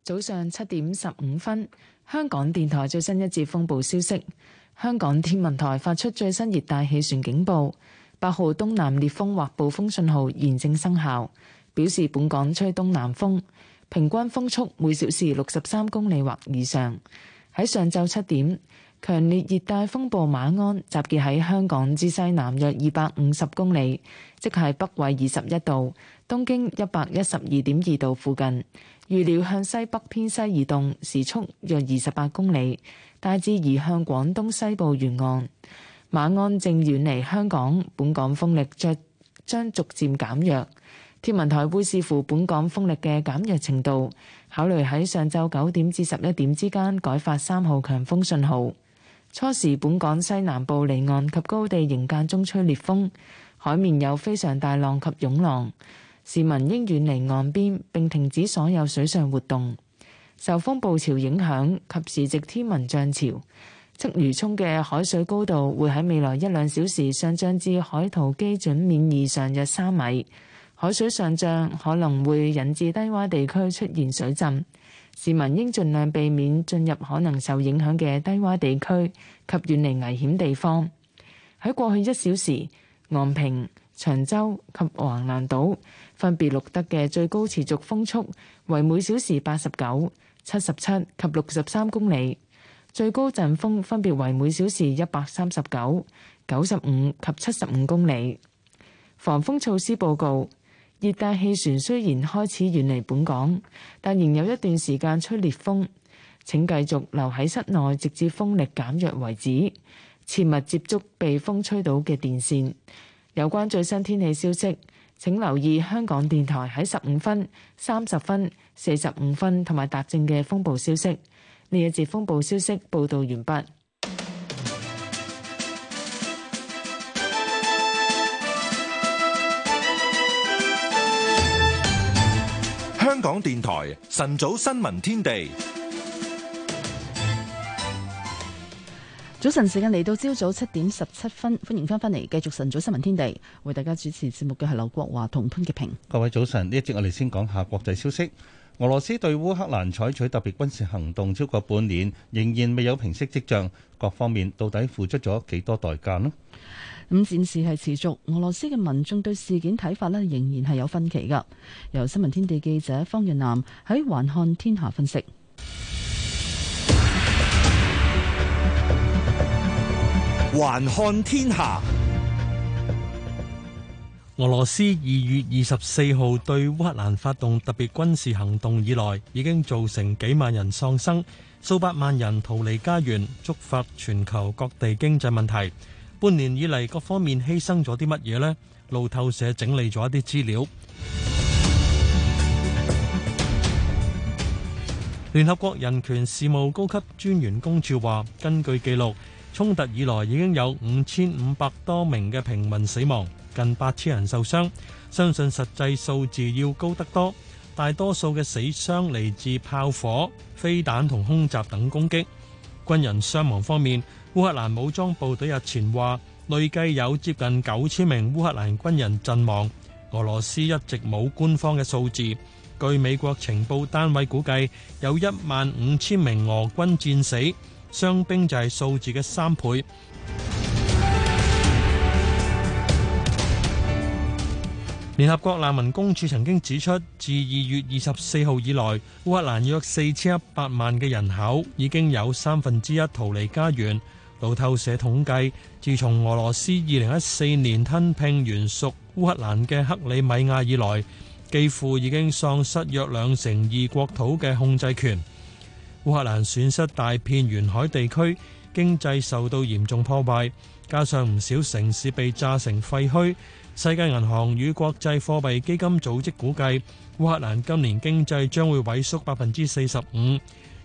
早上七點十五分，香港電台最新一節風暴消息。香港天文台發出最新熱帶氣旋警報，八號東南烈風或暴風信號現正生效，表示本港吹東南風，平均風速每小時六十三公里或以上。喺上晝七點，強烈熱帶風暴馬鞍集結喺香港之西南約二百五十公里，即係北緯二十一度、東經一百一十二點二度附近。預料向西北偏西移動，時速約二十八公里，大致移向廣東西部沿岸。馬鞍正遠離香港，本港風力將逐漸減弱。天文台會視乎本港風力嘅減弱程度，考慮喺上晝九點至十一點之間，改發三號強風信號。初時，本港西南部離岸及高地仍間中吹烈風，海面有非常大浪及湧浪。市民應遠離岸邊並停止所有水上活動。受風暴潮影響及時值天文漲潮，鰂魚涌嘅海水高度會喺未來一兩小時上漲至海圖基準面以上約三米。海水上漲可能會引致低窪地區出現水浸，市民應盡量避免進入可能受影響嘅低窪地區及遠離危險地方。喺過去一小時，岸平、長洲及橫瀾島，分別錄得嘅最高持續風速為每小時八十九、七十七及六十三公里，最高陣風分別為每小時一百三十九、九十五及七十五公里。防風措施報告：熱帶氣旋雖然開始遠離本港，但仍有一段時間吹烈風。請繼續留喺室內，直至風力減弱為止。切勿接觸被風吹倒嘅電線。有關最新天氣消息。請留意香港電台喺十五分、三十分、四十五分同埋踏正嘅風暴消息。呢一節風暴消息報道完畢。香港電台晨早新聞天地。早晨時間嚟到朝早七點十七分，歡迎翻返嚟繼續晨早新聞天地，為大家主持節目嘅係劉國華同潘潔平。各位早晨，呢一節我哋先講，講下國際消息。俄羅斯對烏克蘭採取特別軍事行動超過半年，仍然未有平息跡象，各方面到底付出咗幾多代價呢？咁戰事係持續，俄羅斯嘅民眾對事件睇法呢，仍然係有分歧噶。由新聞天地記者方潤南喺《環看天下》分析。還看天下，俄羅斯二月二十四號對烏克蘭發動特別軍事行動以來，已經造成幾萬人喪生，數百萬人逃離家園，觸發全球各地經濟問題。半年以嚟，各方面犧牲咗啲乜嘢呢？路透社整理咗一啲資料。聯合國人權事務高級專員公署話，根據記錄，衝突以來已經有五千五百多名嘅平民死亡，近八千人受傷，相信實際數字要高得多。大多數嘅死傷嚟自炮火、飛彈同空襲等攻擊。軍人傷亡方面，烏克蘭武裝部隊日前話累計有接近九千名烏克蘭軍人陣亡。俄羅斯一直冇官方嘅數字，據美國情報單位估計，有一萬五千名俄軍戰死。傷兵就係數字嘅三倍。聯合國難民公署曾經指出，自二月二十四號以來，烏克蘭約四千一百萬嘅人口已經有三分之一逃離家園。路透社統計，自從俄羅斯二零一四年吞併原屬烏克蘭嘅克里米亞以來，幾乎已經喪失約兩成二國土嘅控制權。烏克蘭損失大片沿海地區，經濟受到嚴重破壞，加上唔少城市被炸成廢墟。世界銀行與國際貨幣基金組織估計，烏克蘭今年經濟將會萎縮百分之四十五，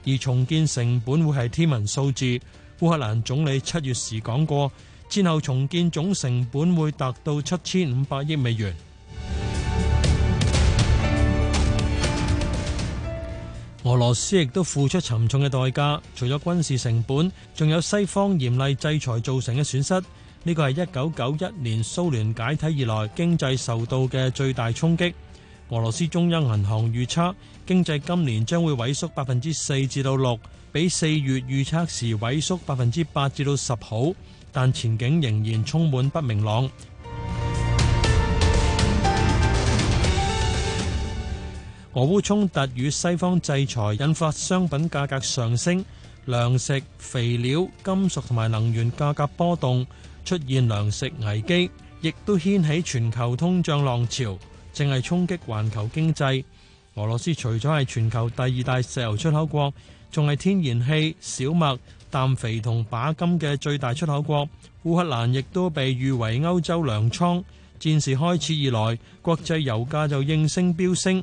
而重建成本會係天文數字。烏克蘭總理七月時講過，戰後重建總成本會達到七千五百億美元。俄羅斯亦都付出沉重嘅代價，除咗軍事成本，仲有西方嚴厲制裁造成嘅損失。呢個係一九九一年蘇聯解體以來經濟受到嘅最大衝擊。俄羅斯中央銀行預測經濟今年將會萎縮百分之四至到六，比四月預測時萎縮百分之八至到十好，但前景仍然充滿不明朗。俄烏衝突與西方制裁引發商品價格上升，糧食、肥料、金屬同埋能源價格波動，出現糧食危機，亦都掀起全球通脹浪潮，正係衝擊環球經濟。俄羅斯除咗係全球第二大石油出口國，仲係天然氣、小麥、氮肥同把金嘅最大出口國。烏克蘭亦都被譽為歐洲糧倉。戰事開始以來，國際油價就應聲飆升。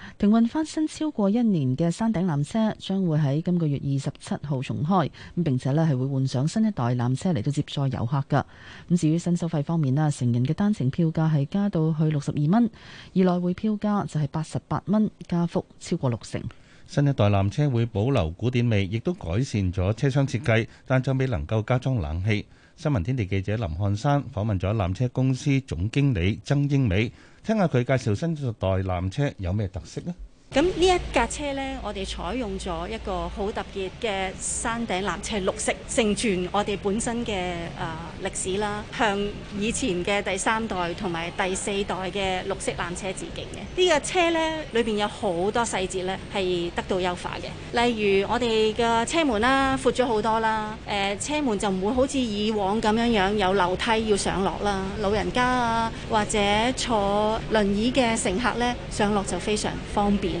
停運翻新超過一年嘅山頂纜車將會喺今個月二十七號重開，咁並且咧係會換上新一代纜車嚟到接載遊客嘅。咁至於新收費方面咧，成人嘅單程票價係加到去六十二蚊，而來回票價就係八十八蚊，加幅超過六成。新一代纜車會保留古典味，亦都改善咗車廂設計，但就未能夠加裝冷氣。新聞天地記者林漢山訪問咗纜車公司總經理曾英美。聽下佢介紹新一代纜車有咩特色呢？咁呢一架車咧，我哋採用咗一個好特別嘅山頂纜車綠色，承傳我哋本身嘅誒、呃、歷史啦，向以前嘅第三代同埋第四代嘅綠色纜車致敬嘅。這個、呢架車咧，裏邊有好多細節咧係得到優化嘅，例如我哋嘅車門啦、啊，闊咗好多啦。誒、呃，車門就唔會好似以往咁樣樣有樓梯要上落啦，老人家啊或者坐輪椅嘅乘客咧上落就非常方便。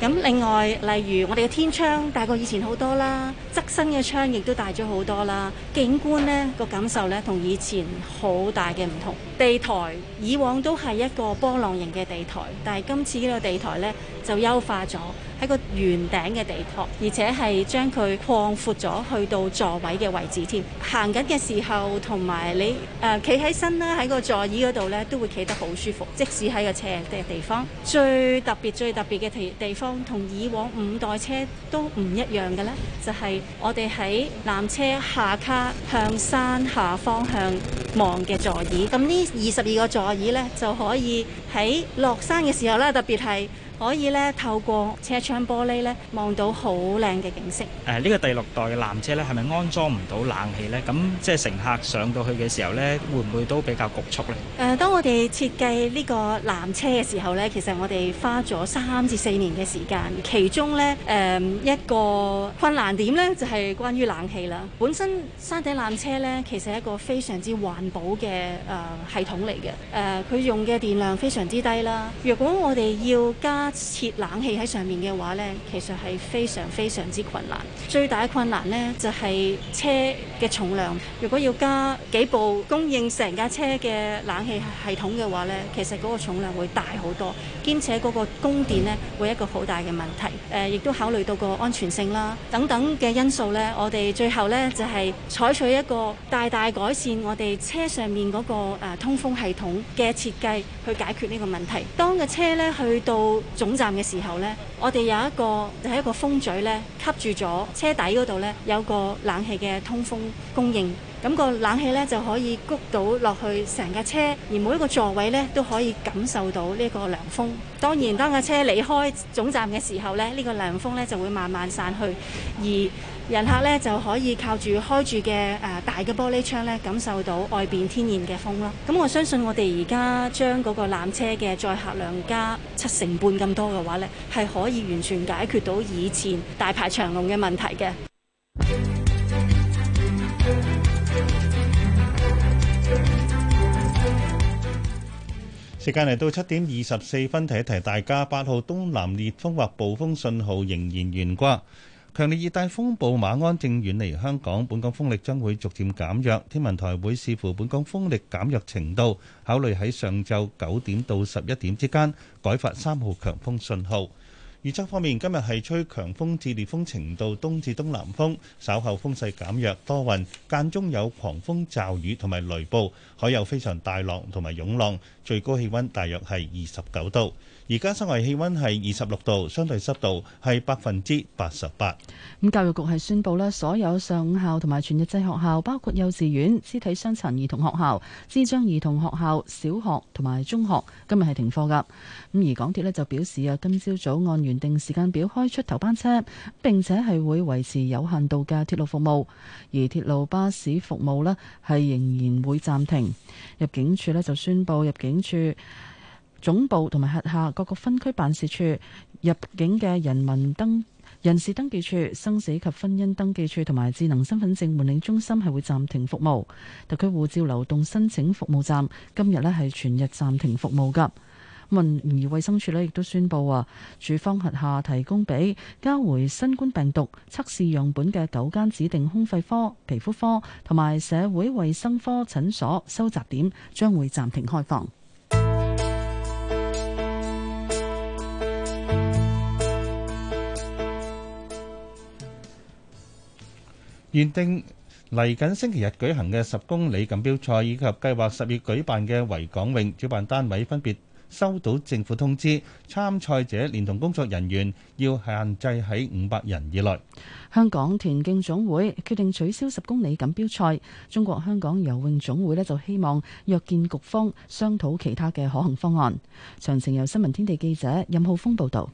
咁另外，例如我哋嘅天窗大過以前好多啦，側身嘅窗亦都大咗好多啦，景觀咧個感受咧同以前好大嘅唔同。地台以往都係一個波浪形嘅地台，但係今次呢個地台咧就優化咗喺個圓頂嘅地台，而且係將佢擴闊咗去到座位嘅位置添。行緊嘅時候同埋你誒企起身啦，喺個座椅度咧都會企得好舒服，即使喺個斜嘅地方。最特別最特別嘅地地方。同以往五代車都唔一樣嘅咧，就係、是、我哋喺纜車下卡向山下方向望嘅座椅。咁呢二十二個座椅咧，就可以喺落山嘅時候咧，特別係。可以咧透過車窗玻璃咧望到好靚嘅景色。誒呢、啊這個第六代嘅纜車咧，係咪安裝唔到冷氣呢？咁即係乘客上到去嘅時候呢，會唔會都比較局促呢？誒、呃，當我哋設計呢個纜車嘅時候呢，其實我哋花咗三至四年嘅時間。其中呢，誒、呃、一個困難點呢，就係、是、關於冷氣啦。本身山頂纜車呢，其實係一個非常之環保嘅誒、呃、系統嚟嘅。誒、呃、佢用嘅電量非常之低啦。如果我哋要加設冷氣喺上面嘅話呢，其實係非常非常之困難。最大嘅困難呢，就係車嘅重量。如果要加幾部供應成架車嘅冷氣系統嘅話呢，其實嗰個重量會大好多，兼且嗰個供電呢，會一個好大嘅問題。誒，亦都考慮到個安全性啦，等等嘅因素呢，我哋最後呢，就係採取一個大大改善我哋車上面嗰個誒通風系統嘅設計，去解決呢個問題。當個車呢，去到總站嘅時候呢，我哋有一個係一個風嘴呢，吸住咗車底嗰度呢，有個冷氣嘅通風供應，咁個冷氣呢就可以谷到落去成架車，而每一個座位呢都可以感受到呢個涼風。當然，當架車離開總站嘅時候呢，呢個涼風呢就會慢慢散去，而人客咧就可以靠住開住嘅誒大嘅玻璃窗咧，感受到外邊天然嘅風咯。咁我相信我哋而家將嗰個纜車嘅載客量加七成半咁多嘅話呢，係可以完全解決到以前大排長龍嘅問題嘅。時間嚟到七點二十四分，提一提大家，八號東南烈風或暴風信號仍然懸掛。強烈熱帶風暴馬鞍正遠離香港，本港風力將會逐漸減弱。天文台會視乎本港風力減弱程度，考慮喺上晝九點到十一點之間改發三號強風信號。預測方面，今日係吹強風至烈風程度東至東南風，稍後風勢減弱，多雲間中有狂風驟雨同埋雷暴，海有非常大浪同埋湧浪，最高氣温大約係二十九度。而家室外氣温係二十六度，相對濕度係百分之八十八。教育局係宣布咧，所有上午校同埋全日制學校，包括幼稚園、肢體傷殘兒童學校、智障兒童學校、小學同埋中學，今日係停課噶。咁而港鐵咧就表示啊，今朝早按原定時間表開出頭班車，並且係會維持有限度嘅鐵路服務，而鐵路巴士服務呢，係仍然會暫停。入境處呢，就宣布入境處。總部同埋轄下各個分區辦事處、入境嘅人民登人事登記處、生死及婚姻登記處同埋智能身份證換領中心係會暫停服務。特區護照流動申請服務站今日咧係全日暫停服務噶。民而衛生署呢亦都宣布啊，處方轄下提供俾交回新冠病毒測試樣本嘅九間指定胸肺科、皮膚科同埋社會衛生科診所收集點將會暫停開放。原定嚟緊星期日舉行嘅十公里錦標賽以及計劃十月舉辦嘅維港泳，主辦單位分別收到政府通知，參賽者連同工作人員要限制喺五百人以內。香港田徑總會決定取消十公里錦標賽，中國香港游泳總會呢就希望約見局方商討其他嘅可行方案。詳情由新聞天地記者任浩峰報導。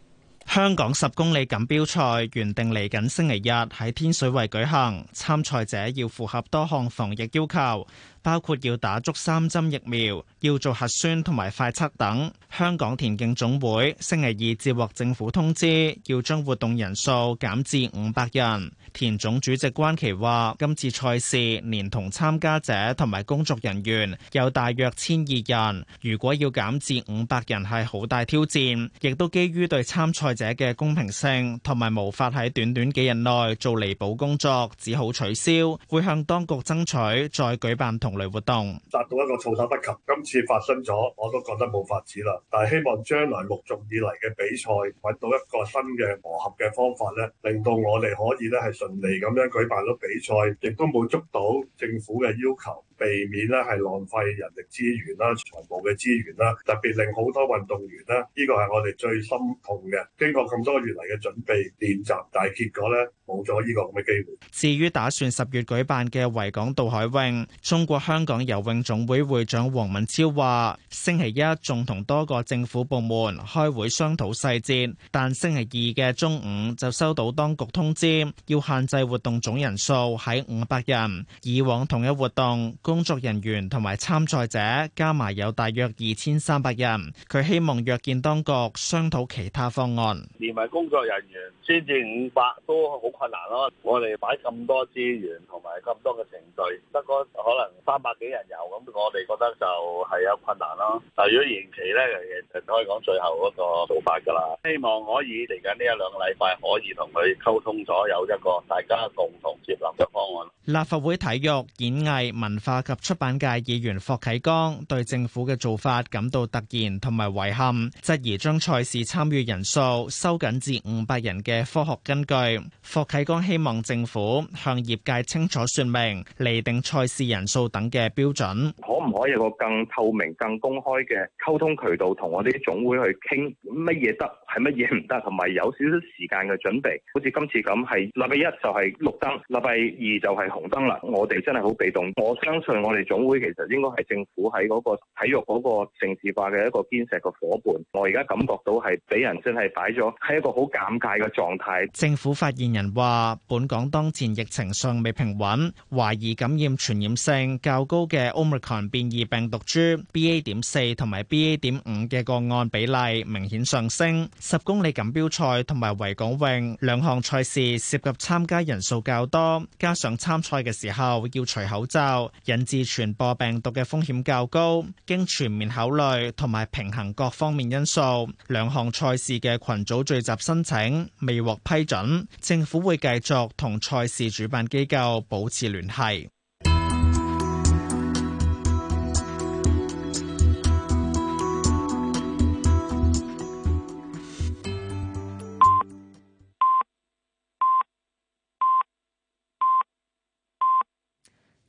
香港十公里錦標賽原定嚟緊星期日喺天水圍舉行，參賽者要符合多項防疫要求，包括要打足三針疫苗、要做核酸同埋快測等。香港田徑總會星期二接獲政府通知，要將活動人數減至五百人。田總主席關其話：今次賽事連同參加者同埋工作人員有大約千二人，如果要減至五百人係好大挑戰，亦都基於對參賽者嘅公平性同埋，無法喺短短幾日內做彌補工作，只好取消。會向當局爭取再舉辦同類活動。達到一個措手不及，今次發生咗，我都覺得冇法子啦。但係希望將來陸續以嚟嘅比賽，揾到一個新嘅磨合嘅方法咧，令到我哋可以咧係。順利咁樣舉辦咗比賽，亦都冇捉到政府嘅要求。避免呢，係浪費人力資源啦、財務嘅資源啦，特別令好多運動員啦，呢、這個係我哋最心痛嘅。經過咁多月嚟嘅準備練習，但係結果咧冇咗呢個咁嘅機會。至於打算十月舉辦嘅維港渡海泳，中國香港游泳總會會，會長黃文超話星期一仲同多個政府部門開會商討細節，但星期二嘅中午就收到當局通知，要限制活動總人數，喺五百人，以往同一活動。工作人員同埋參賽者加埋有大約二千三百人，佢希望約見當局商討其他方案。連埋工作人員先至五百都好困難咯，我哋擺咁多資源同埋咁多嘅程序，得個可能三百幾人有咁，我哋覺得就係有困難咯。但如果延期咧，就唔可以講最後一個做法噶啦。希望可以嚟緊呢一兩個禮拜可以同佢溝通咗，有一個大家共同接納嘅方案。立法會體育、演藝、文化、及出版界議員霍啟剛對政府嘅做法感到突然同埋遺憾，質疑將賽事參與人數收緊至五百人嘅科學根據。霍啟剛希望政府向業界清楚說明釐定賽事人數等嘅標準，可唔可以有個更透明、更公開嘅溝通渠道同我哋總會去傾乜嘢得，係乜嘢唔得，同埋有少少時間嘅準備。好似今次咁，係禮拜一就係綠燈，禮拜二就係紅燈啦。我哋真係好被動，我相信。我哋總會其實應該係政府喺嗰個體育嗰個政治化嘅一個堅實嘅伙伴。我而家感覺到係俾人真係擺咗喺一個好尷尬嘅狀態。政府發言人話：本港當前疫情尚未平穩，懷疑感染傳染性較高嘅 Omicron 變異病毒株 BA. 點四同埋 BA. 點五嘅個案比例明顯上升。十公里錦標賽同埋維港泳兩項賽事涉及參加人數較多，加上參賽嘅時候要除口罩。引致傳播病毒嘅風險較高，經全面考慮同埋平衡各方面因素，兩項賽事嘅群組聚集申請未獲批准，政府會繼續同賽事主辦機構保持聯繫。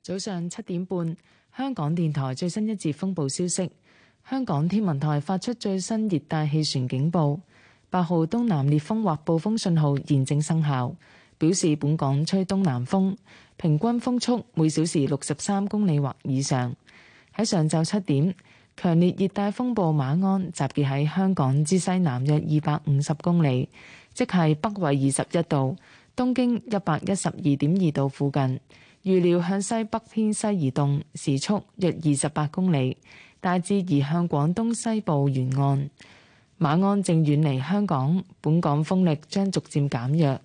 早上七點半，香港電台最新一節風暴消息。香港天文台發出最新熱帶氣旋警報，八號東南烈風或暴風信號現正生效，表示本港吹東南風，平均風速每小時六十三公里或以上。喺上晝七點，強烈熱帶風暴馬鞍集結喺香港之西南約二百五十公里，即係北緯二十一度，東經一百一十二點二度附近。預料向西北偏西移動，時速約二十八公里，大致移向廣東西部沿岸。馬鞍正遠離香港，本港風力將逐漸減弱。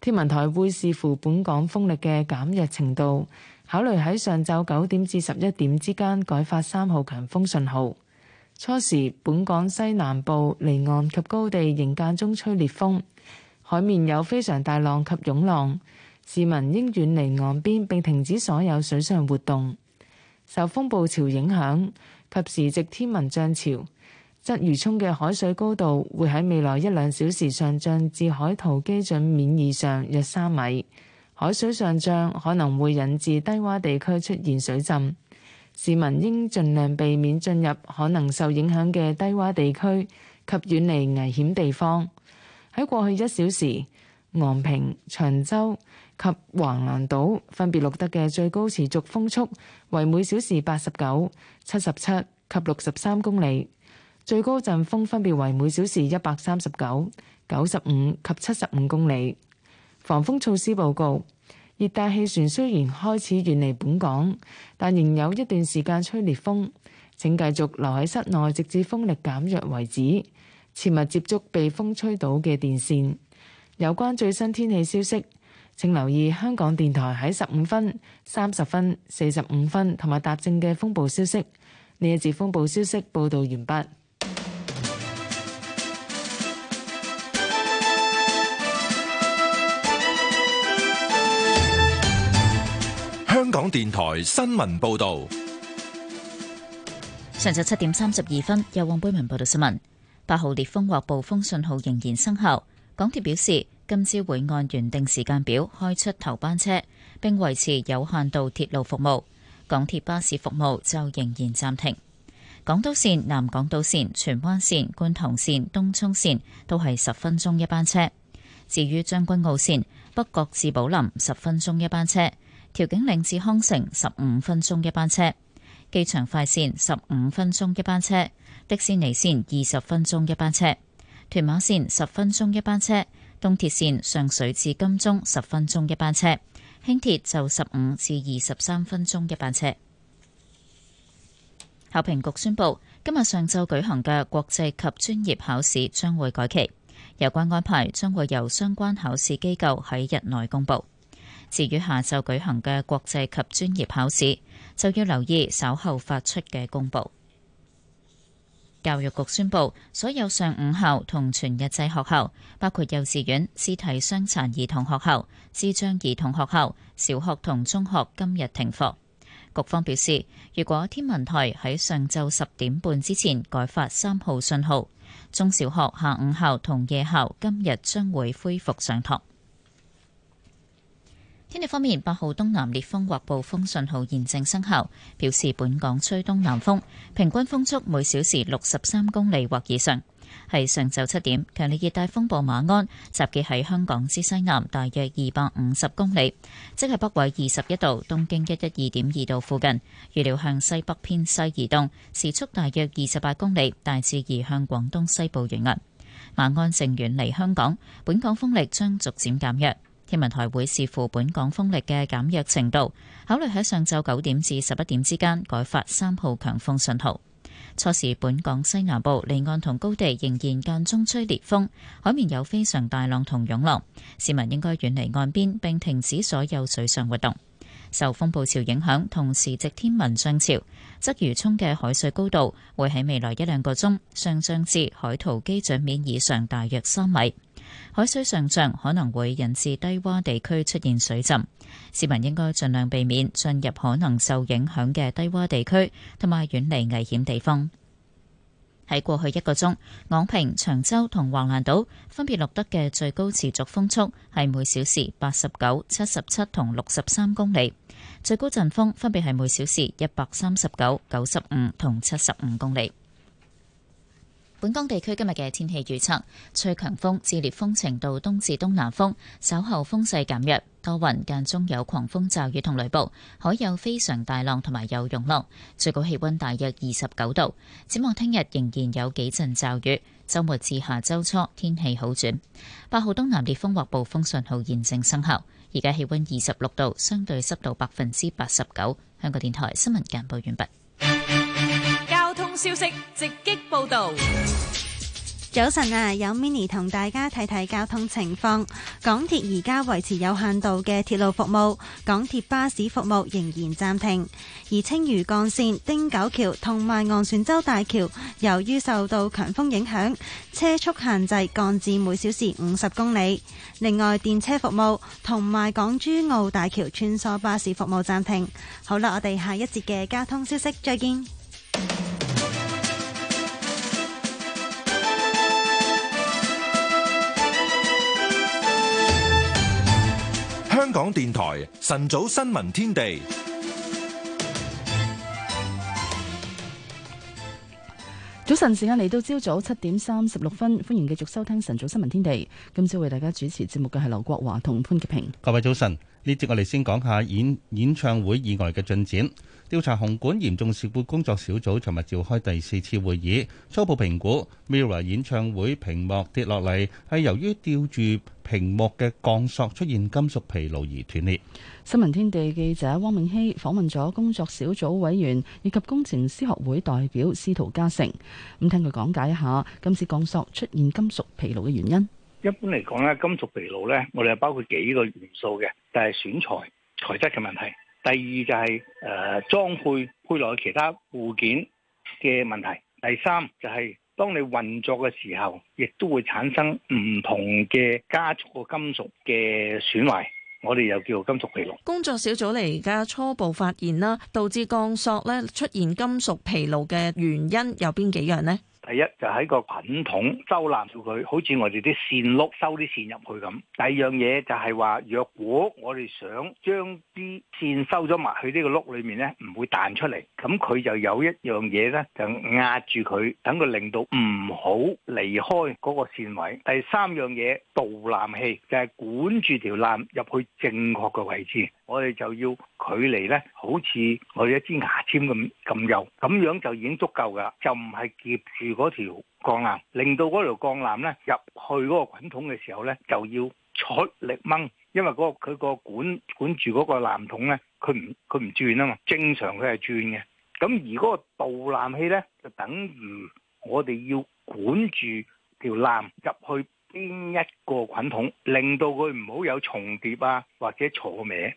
天文台會視乎本港風力嘅減弱程度，考慮喺上晝九點至十一點之間改發三號強風信號。初時，本港西南部離岸及高地仍間中吹烈風，海面有非常大浪及湧浪。市民應遠離岸邊並停止所有水上活動。受風暴潮影響及時值天文漲潮，鰂魚涌嘅海水高度會喺未來一兩小時上漲至海圖基準面以上約三米。海水上漲可能會引致低窪地區出現水浸。市民應盡量避免進入可能受影響嘅低窪地區及遠離危險地方。喺過去一小時，昂坪、長洲，及橫瀾島分別錄得嘅最高持續風速為每小時八十九、七十七及六十三公里，最高陣風分別為每小時一百三十九、九十五及七十五公里。防風措施報告：熱帶氣旋雖然開始遠離本港，但仍有一段時間吹烈風。請繼續留喺室內，直至風力減弱為止。切勿接觸被風吹倒嘅電線。有關最新天氣消息。請留意香港電台喺十五分、三十分、四十五分同埋踏正嘅風暴消息。呢一節風暴消息報道完畢。香港電台新聞報道：上晝七點三十二分，有黃貝文報道新聞。八號烈風或暴風信號仍然生效。港鐵表示。今朝會按原定時間表開出頭班車，並維持有限度鐵路服務。港鐵巴士服務就仍然暫停。港島線、南港島線、荃灣線、觀塘線、東涌線都係十分鐘一班車。至於將軍澳線、北角至寶林十分鐘一班車，調景嶺至康城十五分鐘一班車，機場快線十五分鐘一班車，迪士尼線二十分鐘一班車，屯馬線十分鐘一班車。東鐵綫上水至金鐘十分鐘一班車，輕鐵就十五至二十三分鐘一班車。考評局宣布，今日上晝舉行嘅國際及專業考試將會改期，有關安排將會由相關考試機構喺日內公布。至於下晝舉行嘅國際及專業考試，就要留意稍後發出嘅公布。教育局宣布，所有上午校同全日制學校，包括幼稚園、肢體傷殘兒童學校、智障兒童學校、小學同中學今日停課。局方表示，如果天文台喺上晝十點半之前改發三號信號，中小學下午校同夜校今日將會恢復上堂。天氣方面，八號東南烈風或暴風信號現正生效，表示本港吹東南風，平均風速每小時六十三公里或以上。喺上晝七點，強烈熱帶風暴馬鞍集結喺香港之西南大約二百五十公里，即係北緯二十一度東經一一二點二度附近。預料向西北偏西移動，時速大約二十八公里，大致移向廣東西部沿岸。馬鞍正遠離香港，本港風力將逐漸減弱。天文台會視乎本港風力嘅減弱程度，考慮喺上晝九點至十一點之間改發三號強風信號。初時，本港西南部離岸同高地仍然間中吹烈風，海面有非常大浪同湧浪，市民應該遠離岸邊並停止所有水上活動。受風暴潮影響，同時值天文漲潮，鰂魚涌嘅海水高度會喺未來一兩個鐘上漲至海圖基準面以上大約三米。海水上漲可能會引致低窪地區出現水浸，市民應該盡量避免進入可能受影響嘅低窪地區，同埋遠離危險地方。喺過去一個鐘，昂坪、長洲同橫瀾島分別錄得嘅最高持續風速係每小時八十九、七十七同六十三公里，最高陣風分別係每小時一百三十九、九十五同七十五公里。本港地區今日嘅天氣預測，吹強風至烈風程度，東至東南風，稍後風勢減弱，多雲間中有狂風驟雨同雷暴，海有非常大浪同埋有湧浪，最高氣溫大約二十九度。展望聽日仍然有幾陣驟雨，周末至下周初天氣好轉，八號東南烈風或暴風信號現正生效，而家氣溫二十六度，相對濕度百分之八十九。香港電台新聞簡報完畢。消息直擊報道。早晨啊，有 Mini 同大家睇睇交通情況。港鐵而家維持有限度嘅鐵路服務，港鐵巴士服務仍然暫停。而青嶼幹線、汀九橋同埋昂船洲大橋，由於受到強風影響，車速限制降至每小時五十公里。另外，電車服務同埋港珠澳大橋穿梭巴士服務暫停。好啦，我哋下一節嘅交通消息再見。香港電台晨早新聞天地，早晨時間嚟到朝早七點三十六分，歡迎繼續收聽晨早新聞天地。今朝為大家主持節目嘅係劉國華同潘潔平。各位早晨，呢節我哋先講下演演唱會意外嘅進展。調查紅館嚴重事故工作小組尋日召開第四次會議，初步評估 Mirror 演唱會屏幕跌落嚟係由於吊住屏幕嘅鋼索出現金屬疲勞而斷裂。新聞天地記者汪明熙訪問咗工作小組委員以及工程師學會代表司徒嘉成，咁聽佢講解一下今次鋼索出現金屬疲勞嘅原因。一般嚟講呢，金屬疲勞呢，我哋係包括幾個元素嘅，但係選材材質嘅問題。第二就係誒裝配配落其他部件嘅問題，第三就係、是、當你運作嘅時候，亦都會產生唔同嘅加速個金屬嘅損壞，我哋又叫做金屬疲勞。工作小組嚟而家初步發現啦，導致鋼索咧出現金屬疲勞嘅原因有邊幾樣呢？第一就喺個滾筒收纜住佢，好似我哋啲線碌收啲線入去咁。第二樣嘢就係話，若果我哋想將啲線收咗埋去呢個碌裏面咧，唔會彈出嚟，咁佢就有一樣嘢咧，就壓住佢，等佢令到唔好離開嗰個線位。第三樣嘢導纜器就係管住條纜入去正確嘅位置，我哋就要距離咧，好似我哋一支牙籤咁咁幼，咁樣就已經足夠噶啦，就唔係夾住。嗰條鋼纜，令到嗰條鋼纜咧入去嗰個滾筒嘅時候咧，就要出力掹，因為、嗰個佢個管管住嗰個纜筒咧，佢唔佢唔轉啊嘛，正常佢係轉嘅。咁而嗰個導纜器咧，就等於我哋要管住條纜入去邊一個滾筒，令到佢唔好有重疊啊，或者坐歪。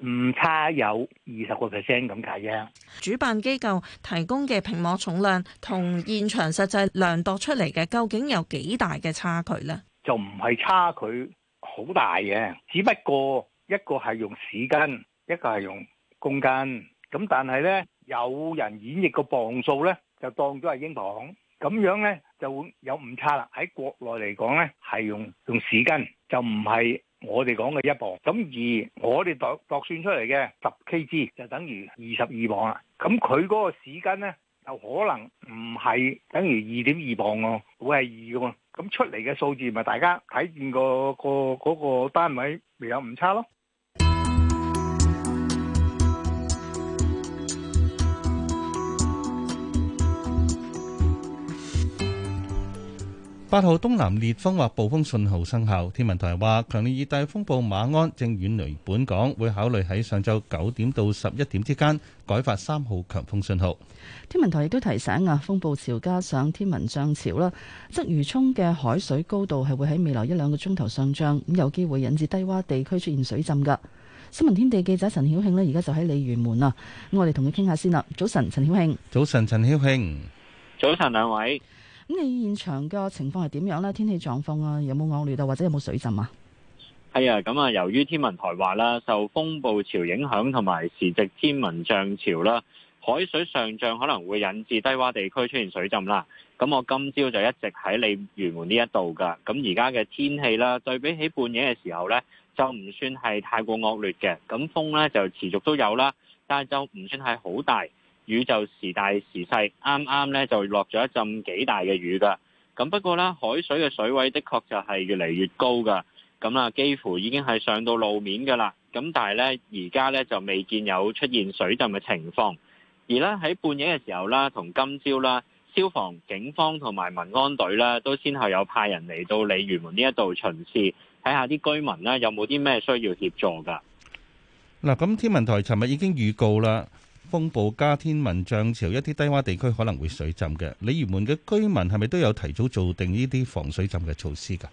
誤差有二十個 percent 咁解啫。主辦機構提供嘅屏幕重量同現場實際量度出嚟嘅，究竟有幾大嘅差距咧？就唔係差距好大嘅，只不過一個係用市斤，一個係用公斤。咁但係咧，有人演繹個磅數咧，就當咗係英磅，咁樣咧就有誤差啦。喺國內嚟講咧，係用用市斤，就唔係。我哋講嘅一磅，咁而我哋度度算出嚟嘅十 Kg 就等於二十二磅啦。咁佢嗰個市斤咧，就可能唔係等於二點二磅哦，會係二嘅。咁出嚟嘅數字咪大家睇見，個個嗰個單位未有誤差咯。八號東南烈風或暴風信號生效，天文台話強烈熱帶風暴馬鞍正遠離本港，會考慮喺上晝九點到十一點之間改發三號強風信號。天文台亦都提醒啊，風暴潮加上天文漲潮啦，鯽魚涌嘅海水高度係會喺未來一兩個鐘頭上漲，咁有機會引致低洼地區出現水浸㗎。新聞天地記者陳曉慶呢，而家就喺鯉魚門啊，咁我哋同佢傾下先啦。早晨，陳曉慶。早晨，陳曉慶。早晨，兩位。咁你現場嘅情況係點樣咧？天氣狀況啊，有冇惡劣啊，或者有冇水浸啊？係啊，咁啊，由於天文台話啦，受風暴潮影響同埋時值天文漲潮啦，海水上漲可能會引致低洼地區出現水浸啦。咁我今朝就一直喺鯉魚門呢一度噶。咁而家嘅天氣啦，對比起半夜嘅時候咧，就唔算係太過惡劣嘅。咁風咧就持續都有啦，但係就唔算係好大。雨就時大時細，啱啱咧就落咗一陣幾大嘅雨噶。咁不過咧，海水嘅水位的確就係越嚟越高噶。咁啊，幾乎已經係上到路面噶啦。咁但係咧，而家咧就未見有出現水浸嘅情況。而咧喺半夜嘅時候啦，同今朝啦，消防、警方同埋民安隊啦，都先後有派人嚟到鯉魚門呢一度巡視，睇下啲居民啦有冇啲咩需要協助噶。嗱，咁天文台尋日已經預告啦。風暴加天文漲潮，一啲低洼地區可能會水浸嘅。鯉魚門嘅居民係咪都有提早做定呢啲防水浸嘅措施噶？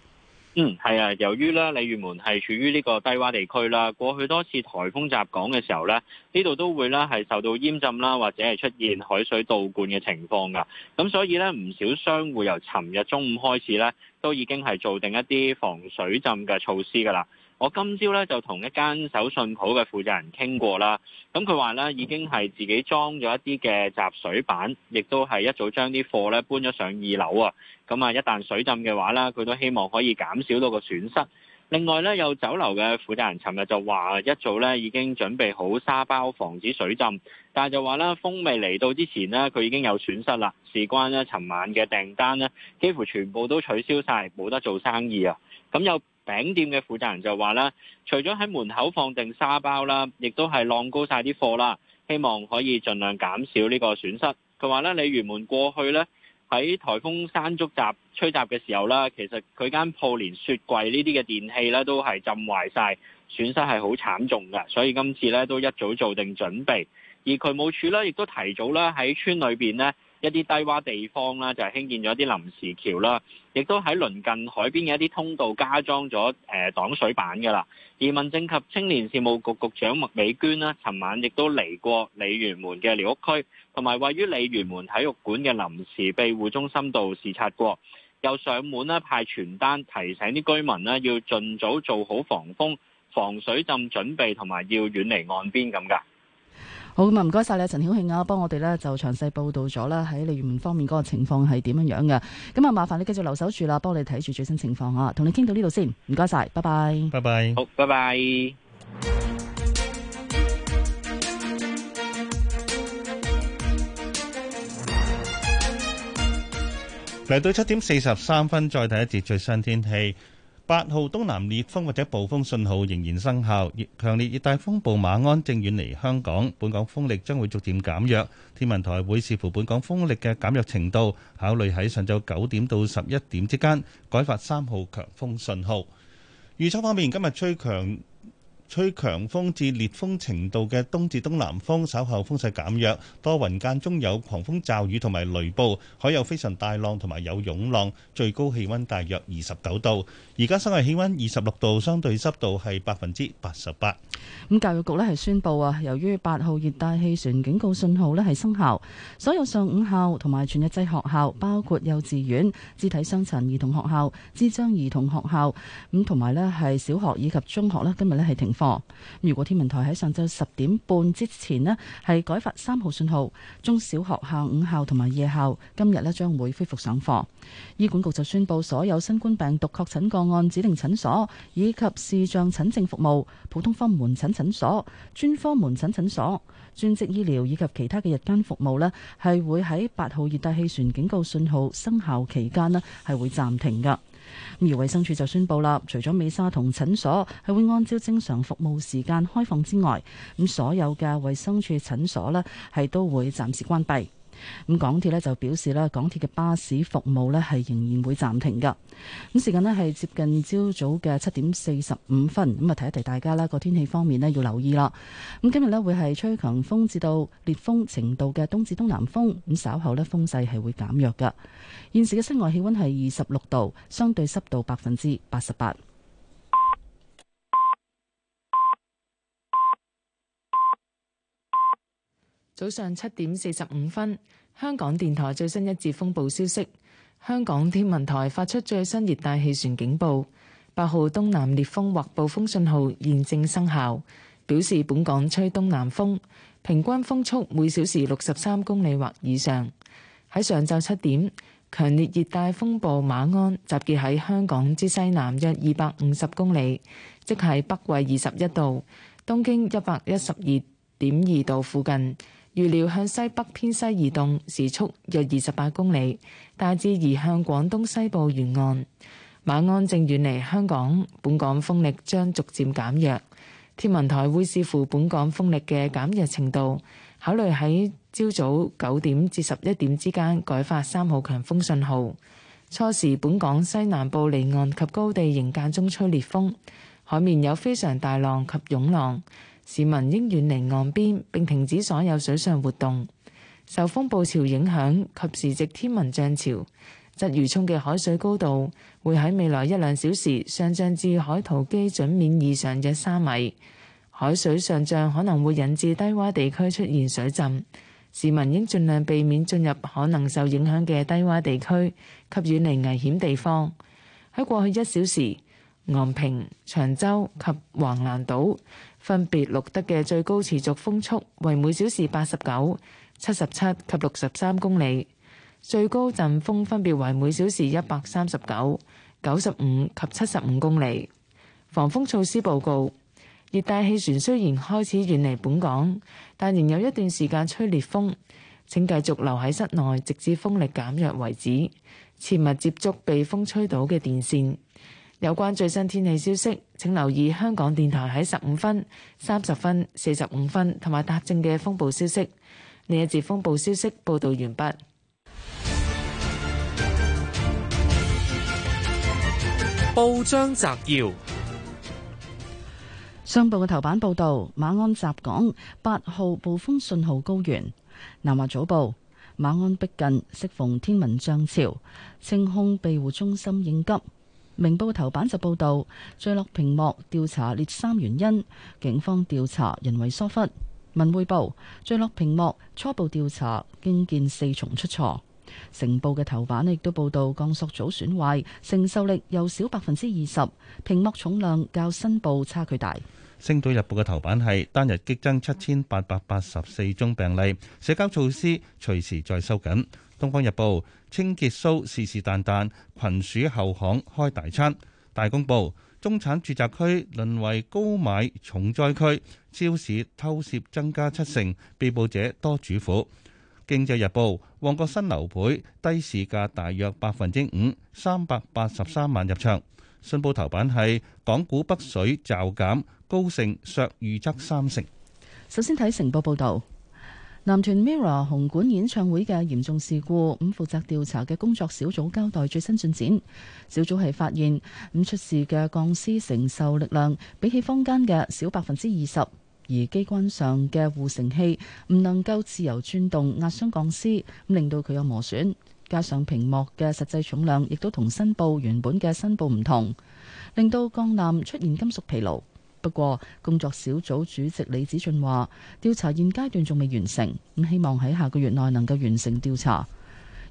嗯，係啊。由於咧鯉魚門係處於呢個低洼地區啦，過去多次台風襲港嘅時候咧，呢度都會啦係受到淹浸啦，或者係出現海水倒灌嘅情況噶。咁所以咧，唔少商戶由尋日中午開始咧，都已經係做定一啲防水浸嘅措施噶啦。我今朝咧就同一間手信鋪嘅負責人傾過啦，咁佢話咧已經係自己裝咗一啲嘅集水板，亦都係一早將啲貨咧搬咗上二樓啊。咁啊，一旦水浸嘅話咧，佢都希望可以減少到個損失。另外咧，有酒樓嘅負責人尋日就話，一早咧已經準備好沙包防止水浸，但係就話咧風未嚟到之前呢，佢已經有損失啦。事關咧尋晚嘅訂單咧，幾乎全部都取消晒，冇得做生意啊。咁有餅店嘅負責人就話啦，除咗喺門口放定沙包啦，亦都係晾高晒啲貨啦，希望可以盡量減少呢個損失。佢話咧，鯉魚門過去咧喺颱風山竹襲吹襲嘅時候啦，其實佢間鋪連雪櫃呢啲嘅電器咧都係浸壞晒，損失係好慘重噶。所以今次咧都一早做定準備，而渠務署咧亦都提早咧喺村裏邊咧。一啲低窪地方啦，就係、是、興建咗一啲臨時橋啦，亦都喺鄰近海邊嘅一啲通道加裝咗誒擋水板噶啦。而民政及青年事務局局，局長麥美娟啦，尋晚亦都嚟過鯉魚門嘅寮屋區，同埋位於鯉魚門體育館嘅臨時庇護中心度視察過，又上門啦派傳單提醒啲居民啦要盡早做好防風防水浸準備，同埋要遠離岸邊咁噶。好咁啊，唔該晒你啊，陳曉慶啊，幫我哋咧就詳細報道咗啦。喺你元明方面嗰個情況係點樣樣嘅。咁啊，麻煩你繼續留守住啦，幫你睇住最新情況啊。同你傾到呢度先，唔該晒，拜拜，拜拜，好，拜拜。嚟到七點四十三分，再睇一節最新天氣。八號東南烈風或者暴風信號仍然生效，強烈熱帶風暴馬鞍正遠離香港，本港風力將會逐漸減弱。天文台會視乎本港風力嘅減弱程度，考慮喺上晝九點到十一點之間改發三號強風信號。預測方面，今日吹強吹強風至烈風程度嘅東至東南風，稍後風勢減弱，多雲間中有狂風驟雨同埋雷暴，海有非常大浪同埋有湧浪，最高氣温大約二十九度。而家室外氣温二十六度，相對濕度係百分之八十八。咁教育局咧係宣布啊，由於八號熱帶氣旋警告信號咧係生效，所有上午校同埋全日制學校，包括幼稚園、肢體傷殘兒童學校、智障兒童學校，咁同埋咧係小學以及中學咧，今日咧係停課。如果天文台喺上晝十點半之前咧係改發三號信號，中小學下午校同埋夜校今日咧將會恢復上課。醫管局就宣布所有新冠病毒確診個。按指定診所以及視像診症服務、普通科門診診所、專科門診診所、專職醫療以及其他嘅日間服務呢係會喺八號熱帶氣旋警告信號生效期間呢係會暫停噶。咁而衛生署就宣布啦，除咗美沙酮診所係會按照正常服務時間開放之外，咁所有嘅衛生署診所呢係都會暫時關閉。咁港鐵咧就表示咧，港鐵嘅巴士服務咧係仍然會暫停噶。咁時間咧係接近朝早嘅七點四十五分，咁啊提一提大家啦，個天氣方面咧要留意啦。咁今日咧會係吹強風至到烈風程度嘅東至東南風，咁稍後咧風勢係會減弱噶。現時嘅室外氣溫係二十六度，相對濕度百分之八十八。早上七點四十五分，香港電台最新一節風暴消息。香港天文台發出最新熱帶氣旋警報，八號東南烈風或暴風信號現正生效，表示本港吹東南風，平均風速每小時六十三公里或以上。喺上晝七點，強烈熱帶風暴馬鞍集結喺香港之西南約二百五十公里，即係北緯二十一度、東經一百一十二點二度附近。預料向西北偏西移動，時速約二十八公里，大致移向廣東西部沿岸。馬鞍正遠離香港，本港風力將逐漸減弱。天文台會視乎本港風力嘅減弱程度，考慮喺朝早九點至十一點之間改發三號強風信號。初時，本港西南部離岸及高地仍間中吹烈風，海面有非常大浪及湧浪。市民應遠離岸邊，並停止所有水上活動。受風暴潮影響，及時值天文漲潮，鰂魚涌嘅海水高度會喺未來一兩小時上漲至海圖基準面以上嘅三米。海水上漲可能會引致低窪地區出現水浸。市民應盡量避免進入可能受影響嘅低窪地區，及遠離危險地方。喺過去一小時，昂坪、長洲及橫瀾島，分別錄得嘅最高持續風速為每小時八十九、七十七及六十三公里，最高陣風分別為每小時一百三十九、九十五及七十五公里。防風措施報告：熱帶氣旋雖然開始遠離本港，但仍有一段時間吹烈風。請繼續留喺室內，直至風力減弱為止，切勿接觸被風吹倒嘅電線。有關最新天氣消息，請留意香港電台喺十五分、三十分、四十五分同埋踏正嘅風暴消息。呢一節風暴消息報道完畢。報章摘要：商報嘅頭版報道馬鞍襲港，八號暴風信號高懸。南華早報：馬鞍逼近，適逢天文漲潮，清空庇護中心應急。明報頭版就報道，墜落屏幕調查列三原因，警方調查人為疏忽。文匯報墜落屏幕初步調查經見四重出錯。成報嘅頭版亦都報道鋼索組損壞承受力又少百分之二十，屏幕重量較申報差距大。星島日報嘅頭版係單日激增七千八百八十四宗病例，社交措施隨時再收緊。《東方日報》清潔蘇是是但但，群鼠後巷開大餐。大公報中產住宅區淪為高買重災區，超市偷竊增加七成，被捕者多主婦。《經濟日報》旺角新樓盤低市價大約百分之五，三百八十三萬入場。信報頭版係港股北水驟減，高盛削預測三成。首先睇成報報導。男團 Mirror 紅館演唱會嘅嚴重事故，咁負責調查嘅工作小組交代最新進展。小組係發現，咁出事嘅鋼絲承受力量比起坊間嘅少百分之二十，而機關上嘅護繩器唔能夠自由轉動壓傷鋼絲，咁令到佢有磨損。加上屏幕嘅實際重量亦都同申報原本嘅申報唔同，令到鋼纜出現金屬疲勞。不過，工作小組主席李子俊話，調查現階段仲未完成，咁希望喺下個月內能夠完成調查。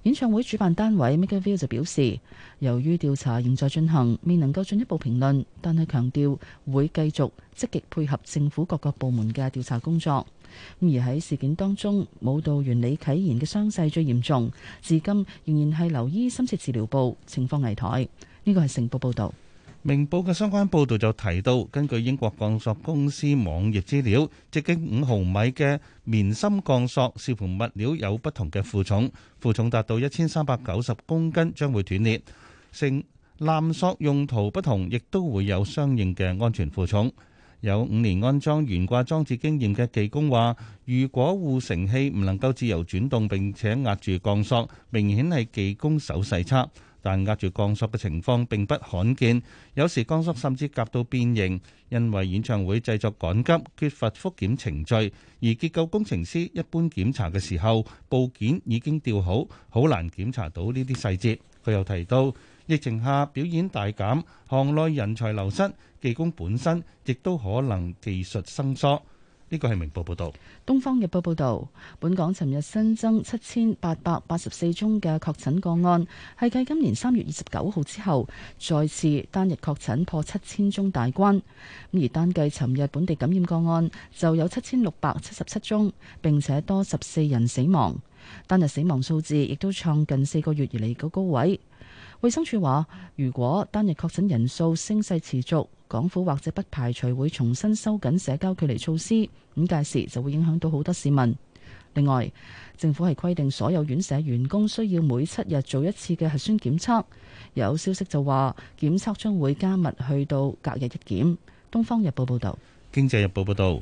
演唱會主辦單位 MakerVille 就表示，由於調查仍在進行，未能夠進一步評論，但係強調會繼續積極配合政府各個部門嘅調查工作。而喺事件當中，舞蹈員李啟賢嘅傷勢最嚴重，至今仍然係留醫深切治療部情況，情況危殆。呢個係成報報道。明報嘅相關報導就提到，根據英國鋼索公司網頁資料，直徑五毫米嘅棉心鋼索視乎物料有不同嘅負重，負重達到一千三百九十公斤將會斷裂。成纜索用途不同，亦都會有相應嘅安全負重。有五年安裝懸掛裝置經驗嘅技工話，如果護繩器唔能夠自由轉動並且壓住鋼索，明顯係技工手勢差。但壓住鋼索嘅情況並不罕見，有時鋼索甚至夾到變形，因為演唱會製作趕急，缺乏復檢程序。而結構工程師一般檢查嘅時候，部件已經吊好，好難檢查到呢啲細節。佢又提到，疫情下表演大減，行內人才流失，技工本身亦都可能技術生疏。呢個係明報報導，東方日報報導，本港尋日新增七千八百八十四宗嘅確診個案，係繼今年三月二十九號之後，再次單日確診破七千宗大關。而單計尋日本地感染個案就有七千六百七十七宗，並且多十四人死亡，單日死亡數字亦都創近四個月以嚟嘅高位。衛生署話，如果單日確診人數升勢持續，港府或者不排除會重新收緊社交距離措施。咁屆時就會影響到好多市民。另外，政府係規定所有院舍員工需要每七日做一次嘅核酸檢測。有消息就話，檢測將會加密去到隔日一檢。東方日報報道，經濟日報報道。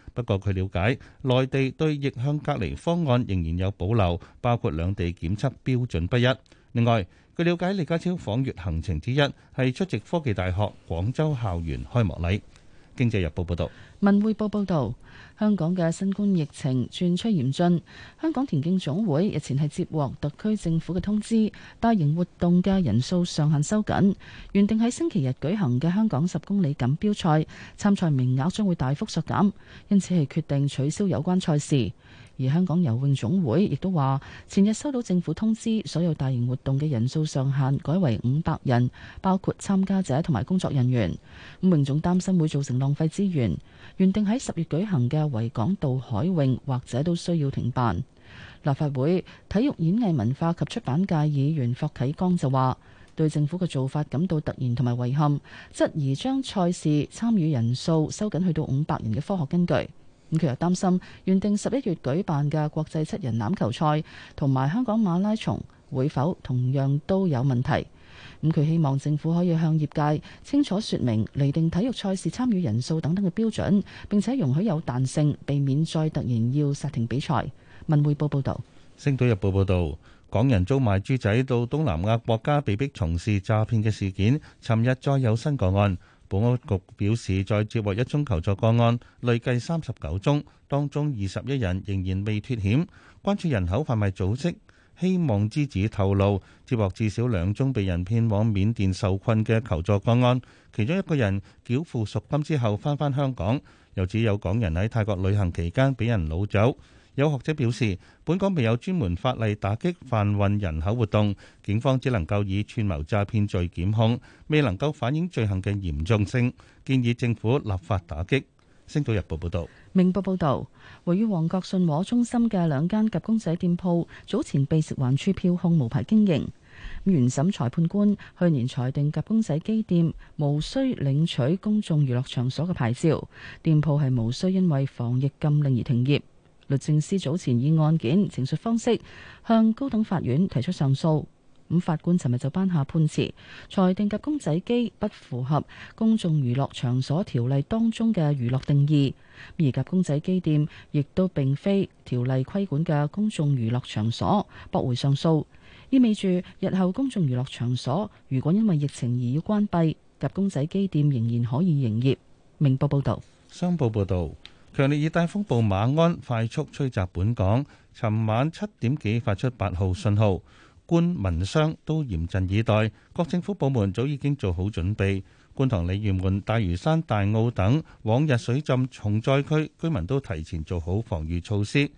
不過，據瞭解內地對逆向隔離方案仍然有保留，包括兩地檢測標準不一。另外，據瞭解，李家超訪粵行程之一係出席科技大學廣州校園開幕禮。經濟日報報導，文匯報報導。香港嘅新冠疫情轉趨嚴峻，香港田徑總會日前係接獲特區政府嘅通知，大型活動嘅人數上限收緊，原定喺星期日舉行嘅香港十公里錦標賽，參賽名額將會大幅縮減，因此係決定取消有關賽事。而香港游泳總會亦都話，前日收到政府通知，所有大型活動嘅人數上限改為五百人，包括參加者同埋工作人員。泳總擔心會造成浪費資源，原定喺十月舉行嘅維港渡海泳，或者都需要停辦。立法會體育、演藝、文化及出版界議員霍啟剛就話，對政府嘅做法感到突然同埋遺憾，質疑將賽事參與人數收緊去到五百人嘅科學根據。咁佢又擔心原定十一月舉辦嘅國際七人欖球賽同埋香港馬拉松會否同樣都有問題？咁佢希望政府可以向業界清楚説明釐定體育賽事參與人數等等嘅標準，並且容許有彈性，避免再突然要剎停比賽。文匯報報導，《星島日報》報道：港人租賣豬仔到東南亞國家被逼從事詐騙嘅事件，尋日再有新個案。保安局表示，再接獲一宗求助個案，累計三十九宗，當中二十一人仍然未脱險，關注人口販賣組織。希望之子透露，接獲至少兩宗被人騙往緬甸受困嘅求助個案，其中一個人繳付贖金之後翻返香港，又指有港人喺泰國旅行期間俾人擄走。有學者表示，本港未有專門法例打擊販運人口活動，警方只能夠以串謀詐騙罪檢控，未能夠反映罪行嘅嚴重性，建議政府立法打擊。星島日報報道，明報報道，位於旺角信和中心嘅兩間夾公仔店鋪早前被食環處票控無牌經營。原審裁判官去年裁定夾公仔機店無需領取公眾娛樂場所嘅牌照，店鋪係無需因為防疫禁令而停業。律政司早前以案件陳述方式向高等法院提出上訴，咁法官尋日就頒下判詞，裁定夾公仔機不符合公眾娛樂場所條例當中嘅娛樂定義，而夾公仔機店亦都並非條例規管嘅公眾娛樂場所，駁回上訴，意味住日後公眾娛樂場所如果因為疫情而要關閉，夾公仔機店仍然可以營業。明報報道，商報報道。強烈熱帶風暴馬鞍快速吹襲本港，尋晚七點幾發出八號信號，官民商都嚴陣以待。各政府部門早已經做好準備，觀塘、鯉魚門、大嶼山、大澳等往日水浸重災區居民都提前做好防禦措施。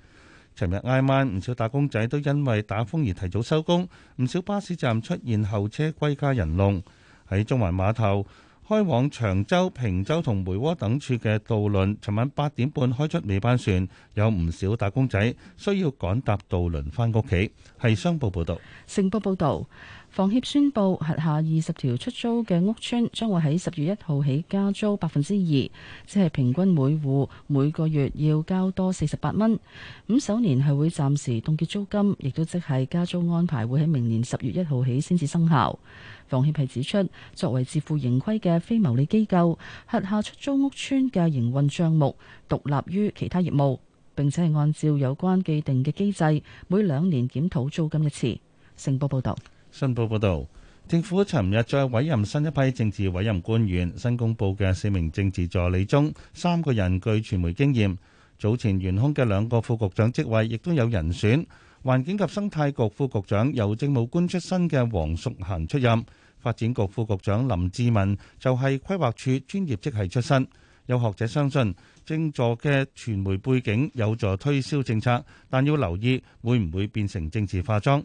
尋日挨晚，唔少打工仔都因為打風而提早收工，唔少巴士站出現候車歸家人龍，喺中環碼頭，開往長洲、平洲同梅窩等處嘅渡輪，尋晚八點半開出尾班船，有唔少打工仔需要趕搭渡輪翻屋企。係商報報道，星報報道。房協宣布，轄下二十條出租嘅屋邨將會喺十月一號起加租百分之二，即係平均每戶每個月要交多四十八蚊。咁首年係會暫時凍結租金，亦都即係加租安排會喺明年十月一號起先至生效。房協係指出，作為自負盈虧嘅非牟利機構，轄下出租屋邨嘅營運帳目獨立於其他業務，並且係按照有關既定嘅機制，每兩年檢討租金一次。成報報道。新報報導，政府尋日再委任新一批政治委任官員。新公佈嘅四名政治助理中，三個人具傳媒經驗。早前懸空嘅兩個副局長職位，亦都有人選。環境及生態局副局長由政務官出身嘅黃淑嫻出任，發展局副局長林志文就係規劃署專業職系出身。有學者相信，政助嘅傳媒背景有助推銷政策，但要留意會唔會變成政治化妝。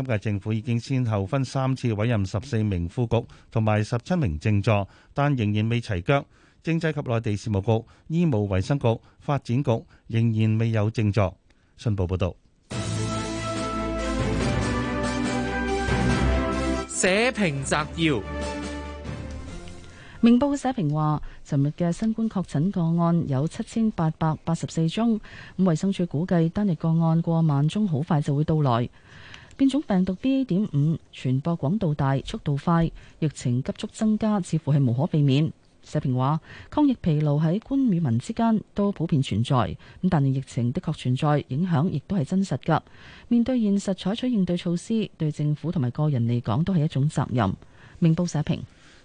今屆政府已經先後分三次委任十四名副局同埋十七名政助，但仍然未齊腳。政制及內地事務局、醫務衛生局、發展局仍然未有政助。信報報道。社評摘要：明報社評話，尋日嘅新冠確診個案有七千八百八十四宗，咁衛生署估計單日個案過萬宗，好快就會到來。變種病毒 B A 點五傳播廣度大、速度快，疫情急速增加，似乎係無可避免。社評話：抗疫疲勞喺官與民之間都普遍存在，咁但係疫情的確存在，影響亦都係真實㗎。面對現實，採取應對措施，對政府同埋個人嚟講都係一種責任。明報社評。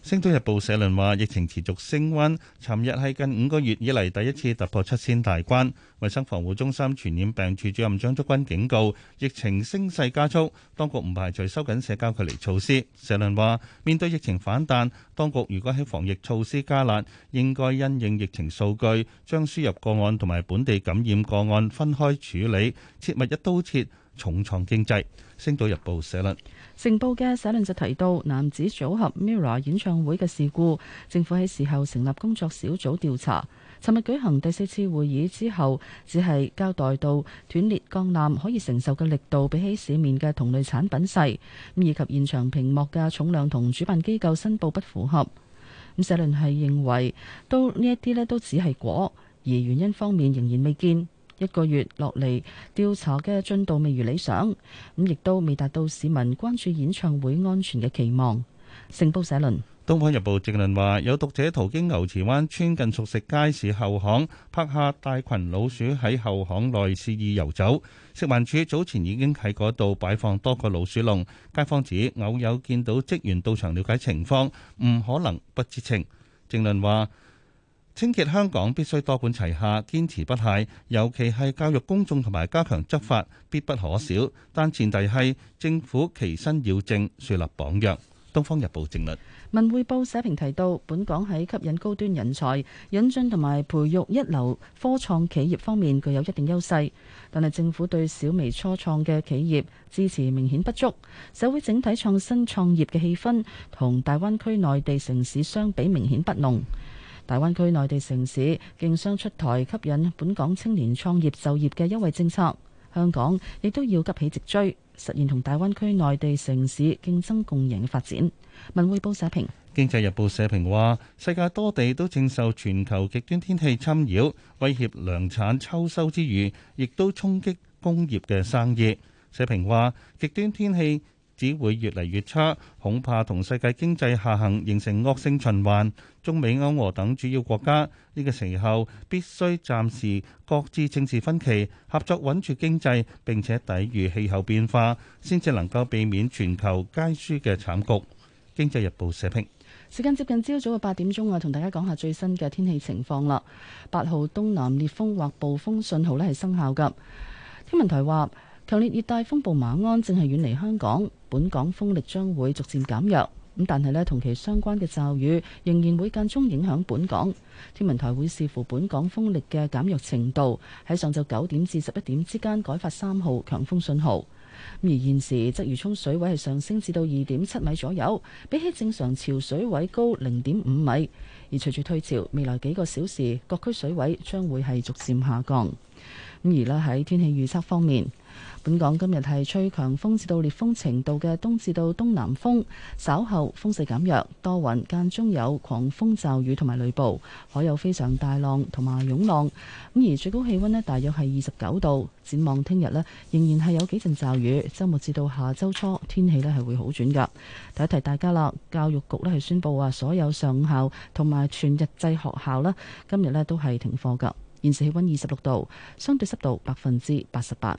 《星島日報》社論話：疫情持續升溫，尋日係近五個月以嚟第一次突破七千大關。衞生防護中心傳染病處主任張竹君警告，疫情升勢加速，當局唔排除收緊社交距離措施。社論話：面對疫情反彈，當局如果喺防疫措施加辣，應該因應疫情數據，將輸入個案同埋本地感染個案分開處理，切勿一刀切。重創經濟，《星島日報》社論。成報嘅社論就提到男子組合 MIRROR 演唱會嘅事故，政府喺事後成立工作小組調查。尋日舉行第四次會議之後，只係交代到斷裂鋼纜可以承受嘅力度比起市面嘅同類產品細，咁以及現場屏幕嘅重量同主辦機構申報不符合。咁社論係認為，都呢一啲呢都只係果，而原因方面仍然未見。一個月落嚟調查嘅進度未如理想，咁亦都未達到市民關注演唱會安全嘅期望。成報社論。《東方日報》正論話，有讀者途經牛池灣村近熟食街市後巷，拍下大群老鼠喺後巷內肆意遊走。食環署早前已經喺嗰度擺放多個老鼠籠。街坊指，偶有見到職員到場了解情況，唔可能不知情。正論話。清潔香港必須多管齊下，堅持不懈，尤其係教育公眾同埋加強執法必不可少。但前提係政府其身要正，樹立榜樣。《東方日報》政論。《文匯報》社評提到，本港喺吸引高端人才、引進同埋培育一流科創企業方面具有一定優勢，但係政府對小微初創嘅企業支持明顯不足，社會整體創新創業嘅氣氛同大灣區內地城市相比明顯不濃。大灣區內地城市競相出台吸引本港青年創業就業嘅優惠政策，香港亦都要急起直追，實現同大灣區內地城市競爭共贏嘅發展。文匯報社評，《經濟日報》社評話：世界多地都正受全球極端天氣侵擾，威脅糧產秋收之餘，亦都衝擊工業嘅生意。社評話：極端天氣只會越嚟越差，恐怕同世界經濟下行形成惡性循環。中美歐俄等主要國家呢個時候必須暫時擱置政治分歧，合作穩住經濟，並且抵禦氣候變化，先至能夠避免全球皆輸嘅慘局。《經濟日報》社評。時間接近朝早嘅八點鐘啊，同大家講下最新嘅天氣情況啦。八號東南烈風或暴風信號咧係生效噶。天文台話，強烈熱帶風暴馬鞍正係遠離香港。本港風力將會逐漸減弱，咁但係咧，同其相關嘅驟雨仍然會間中影響本港。天文台會視乎本港風力嘅減弱程度，喺上晝九點至十一點之間改發三號強風信號。咁而現時鰂魚涌水位係上升至到二點七米左右，比起正常潮水位高零點五米。而隨住退潮，未來幾個小時各區水位將會係逐漸下降。咁而咧喺天氣預測方面。本港今日係吹強風至到烈風程度嘅東至到東南風，稍後風勢減弱，多雲，間中有狂風驟雨同埋雷暴，海有非常大浪同埋湧浪。咁而最高氣溫呢，大約係二十九度。展望聽日呢，仍然係有幾陣驟雨，周末至到下周初天氣呢係會好轉噶。提一提大家啦，教育局呢係宣布啊，所有上午校同埋全日制學校呢，今日呢都係停課噶。現時氣溫二十六度，相對濕度百分之八十八。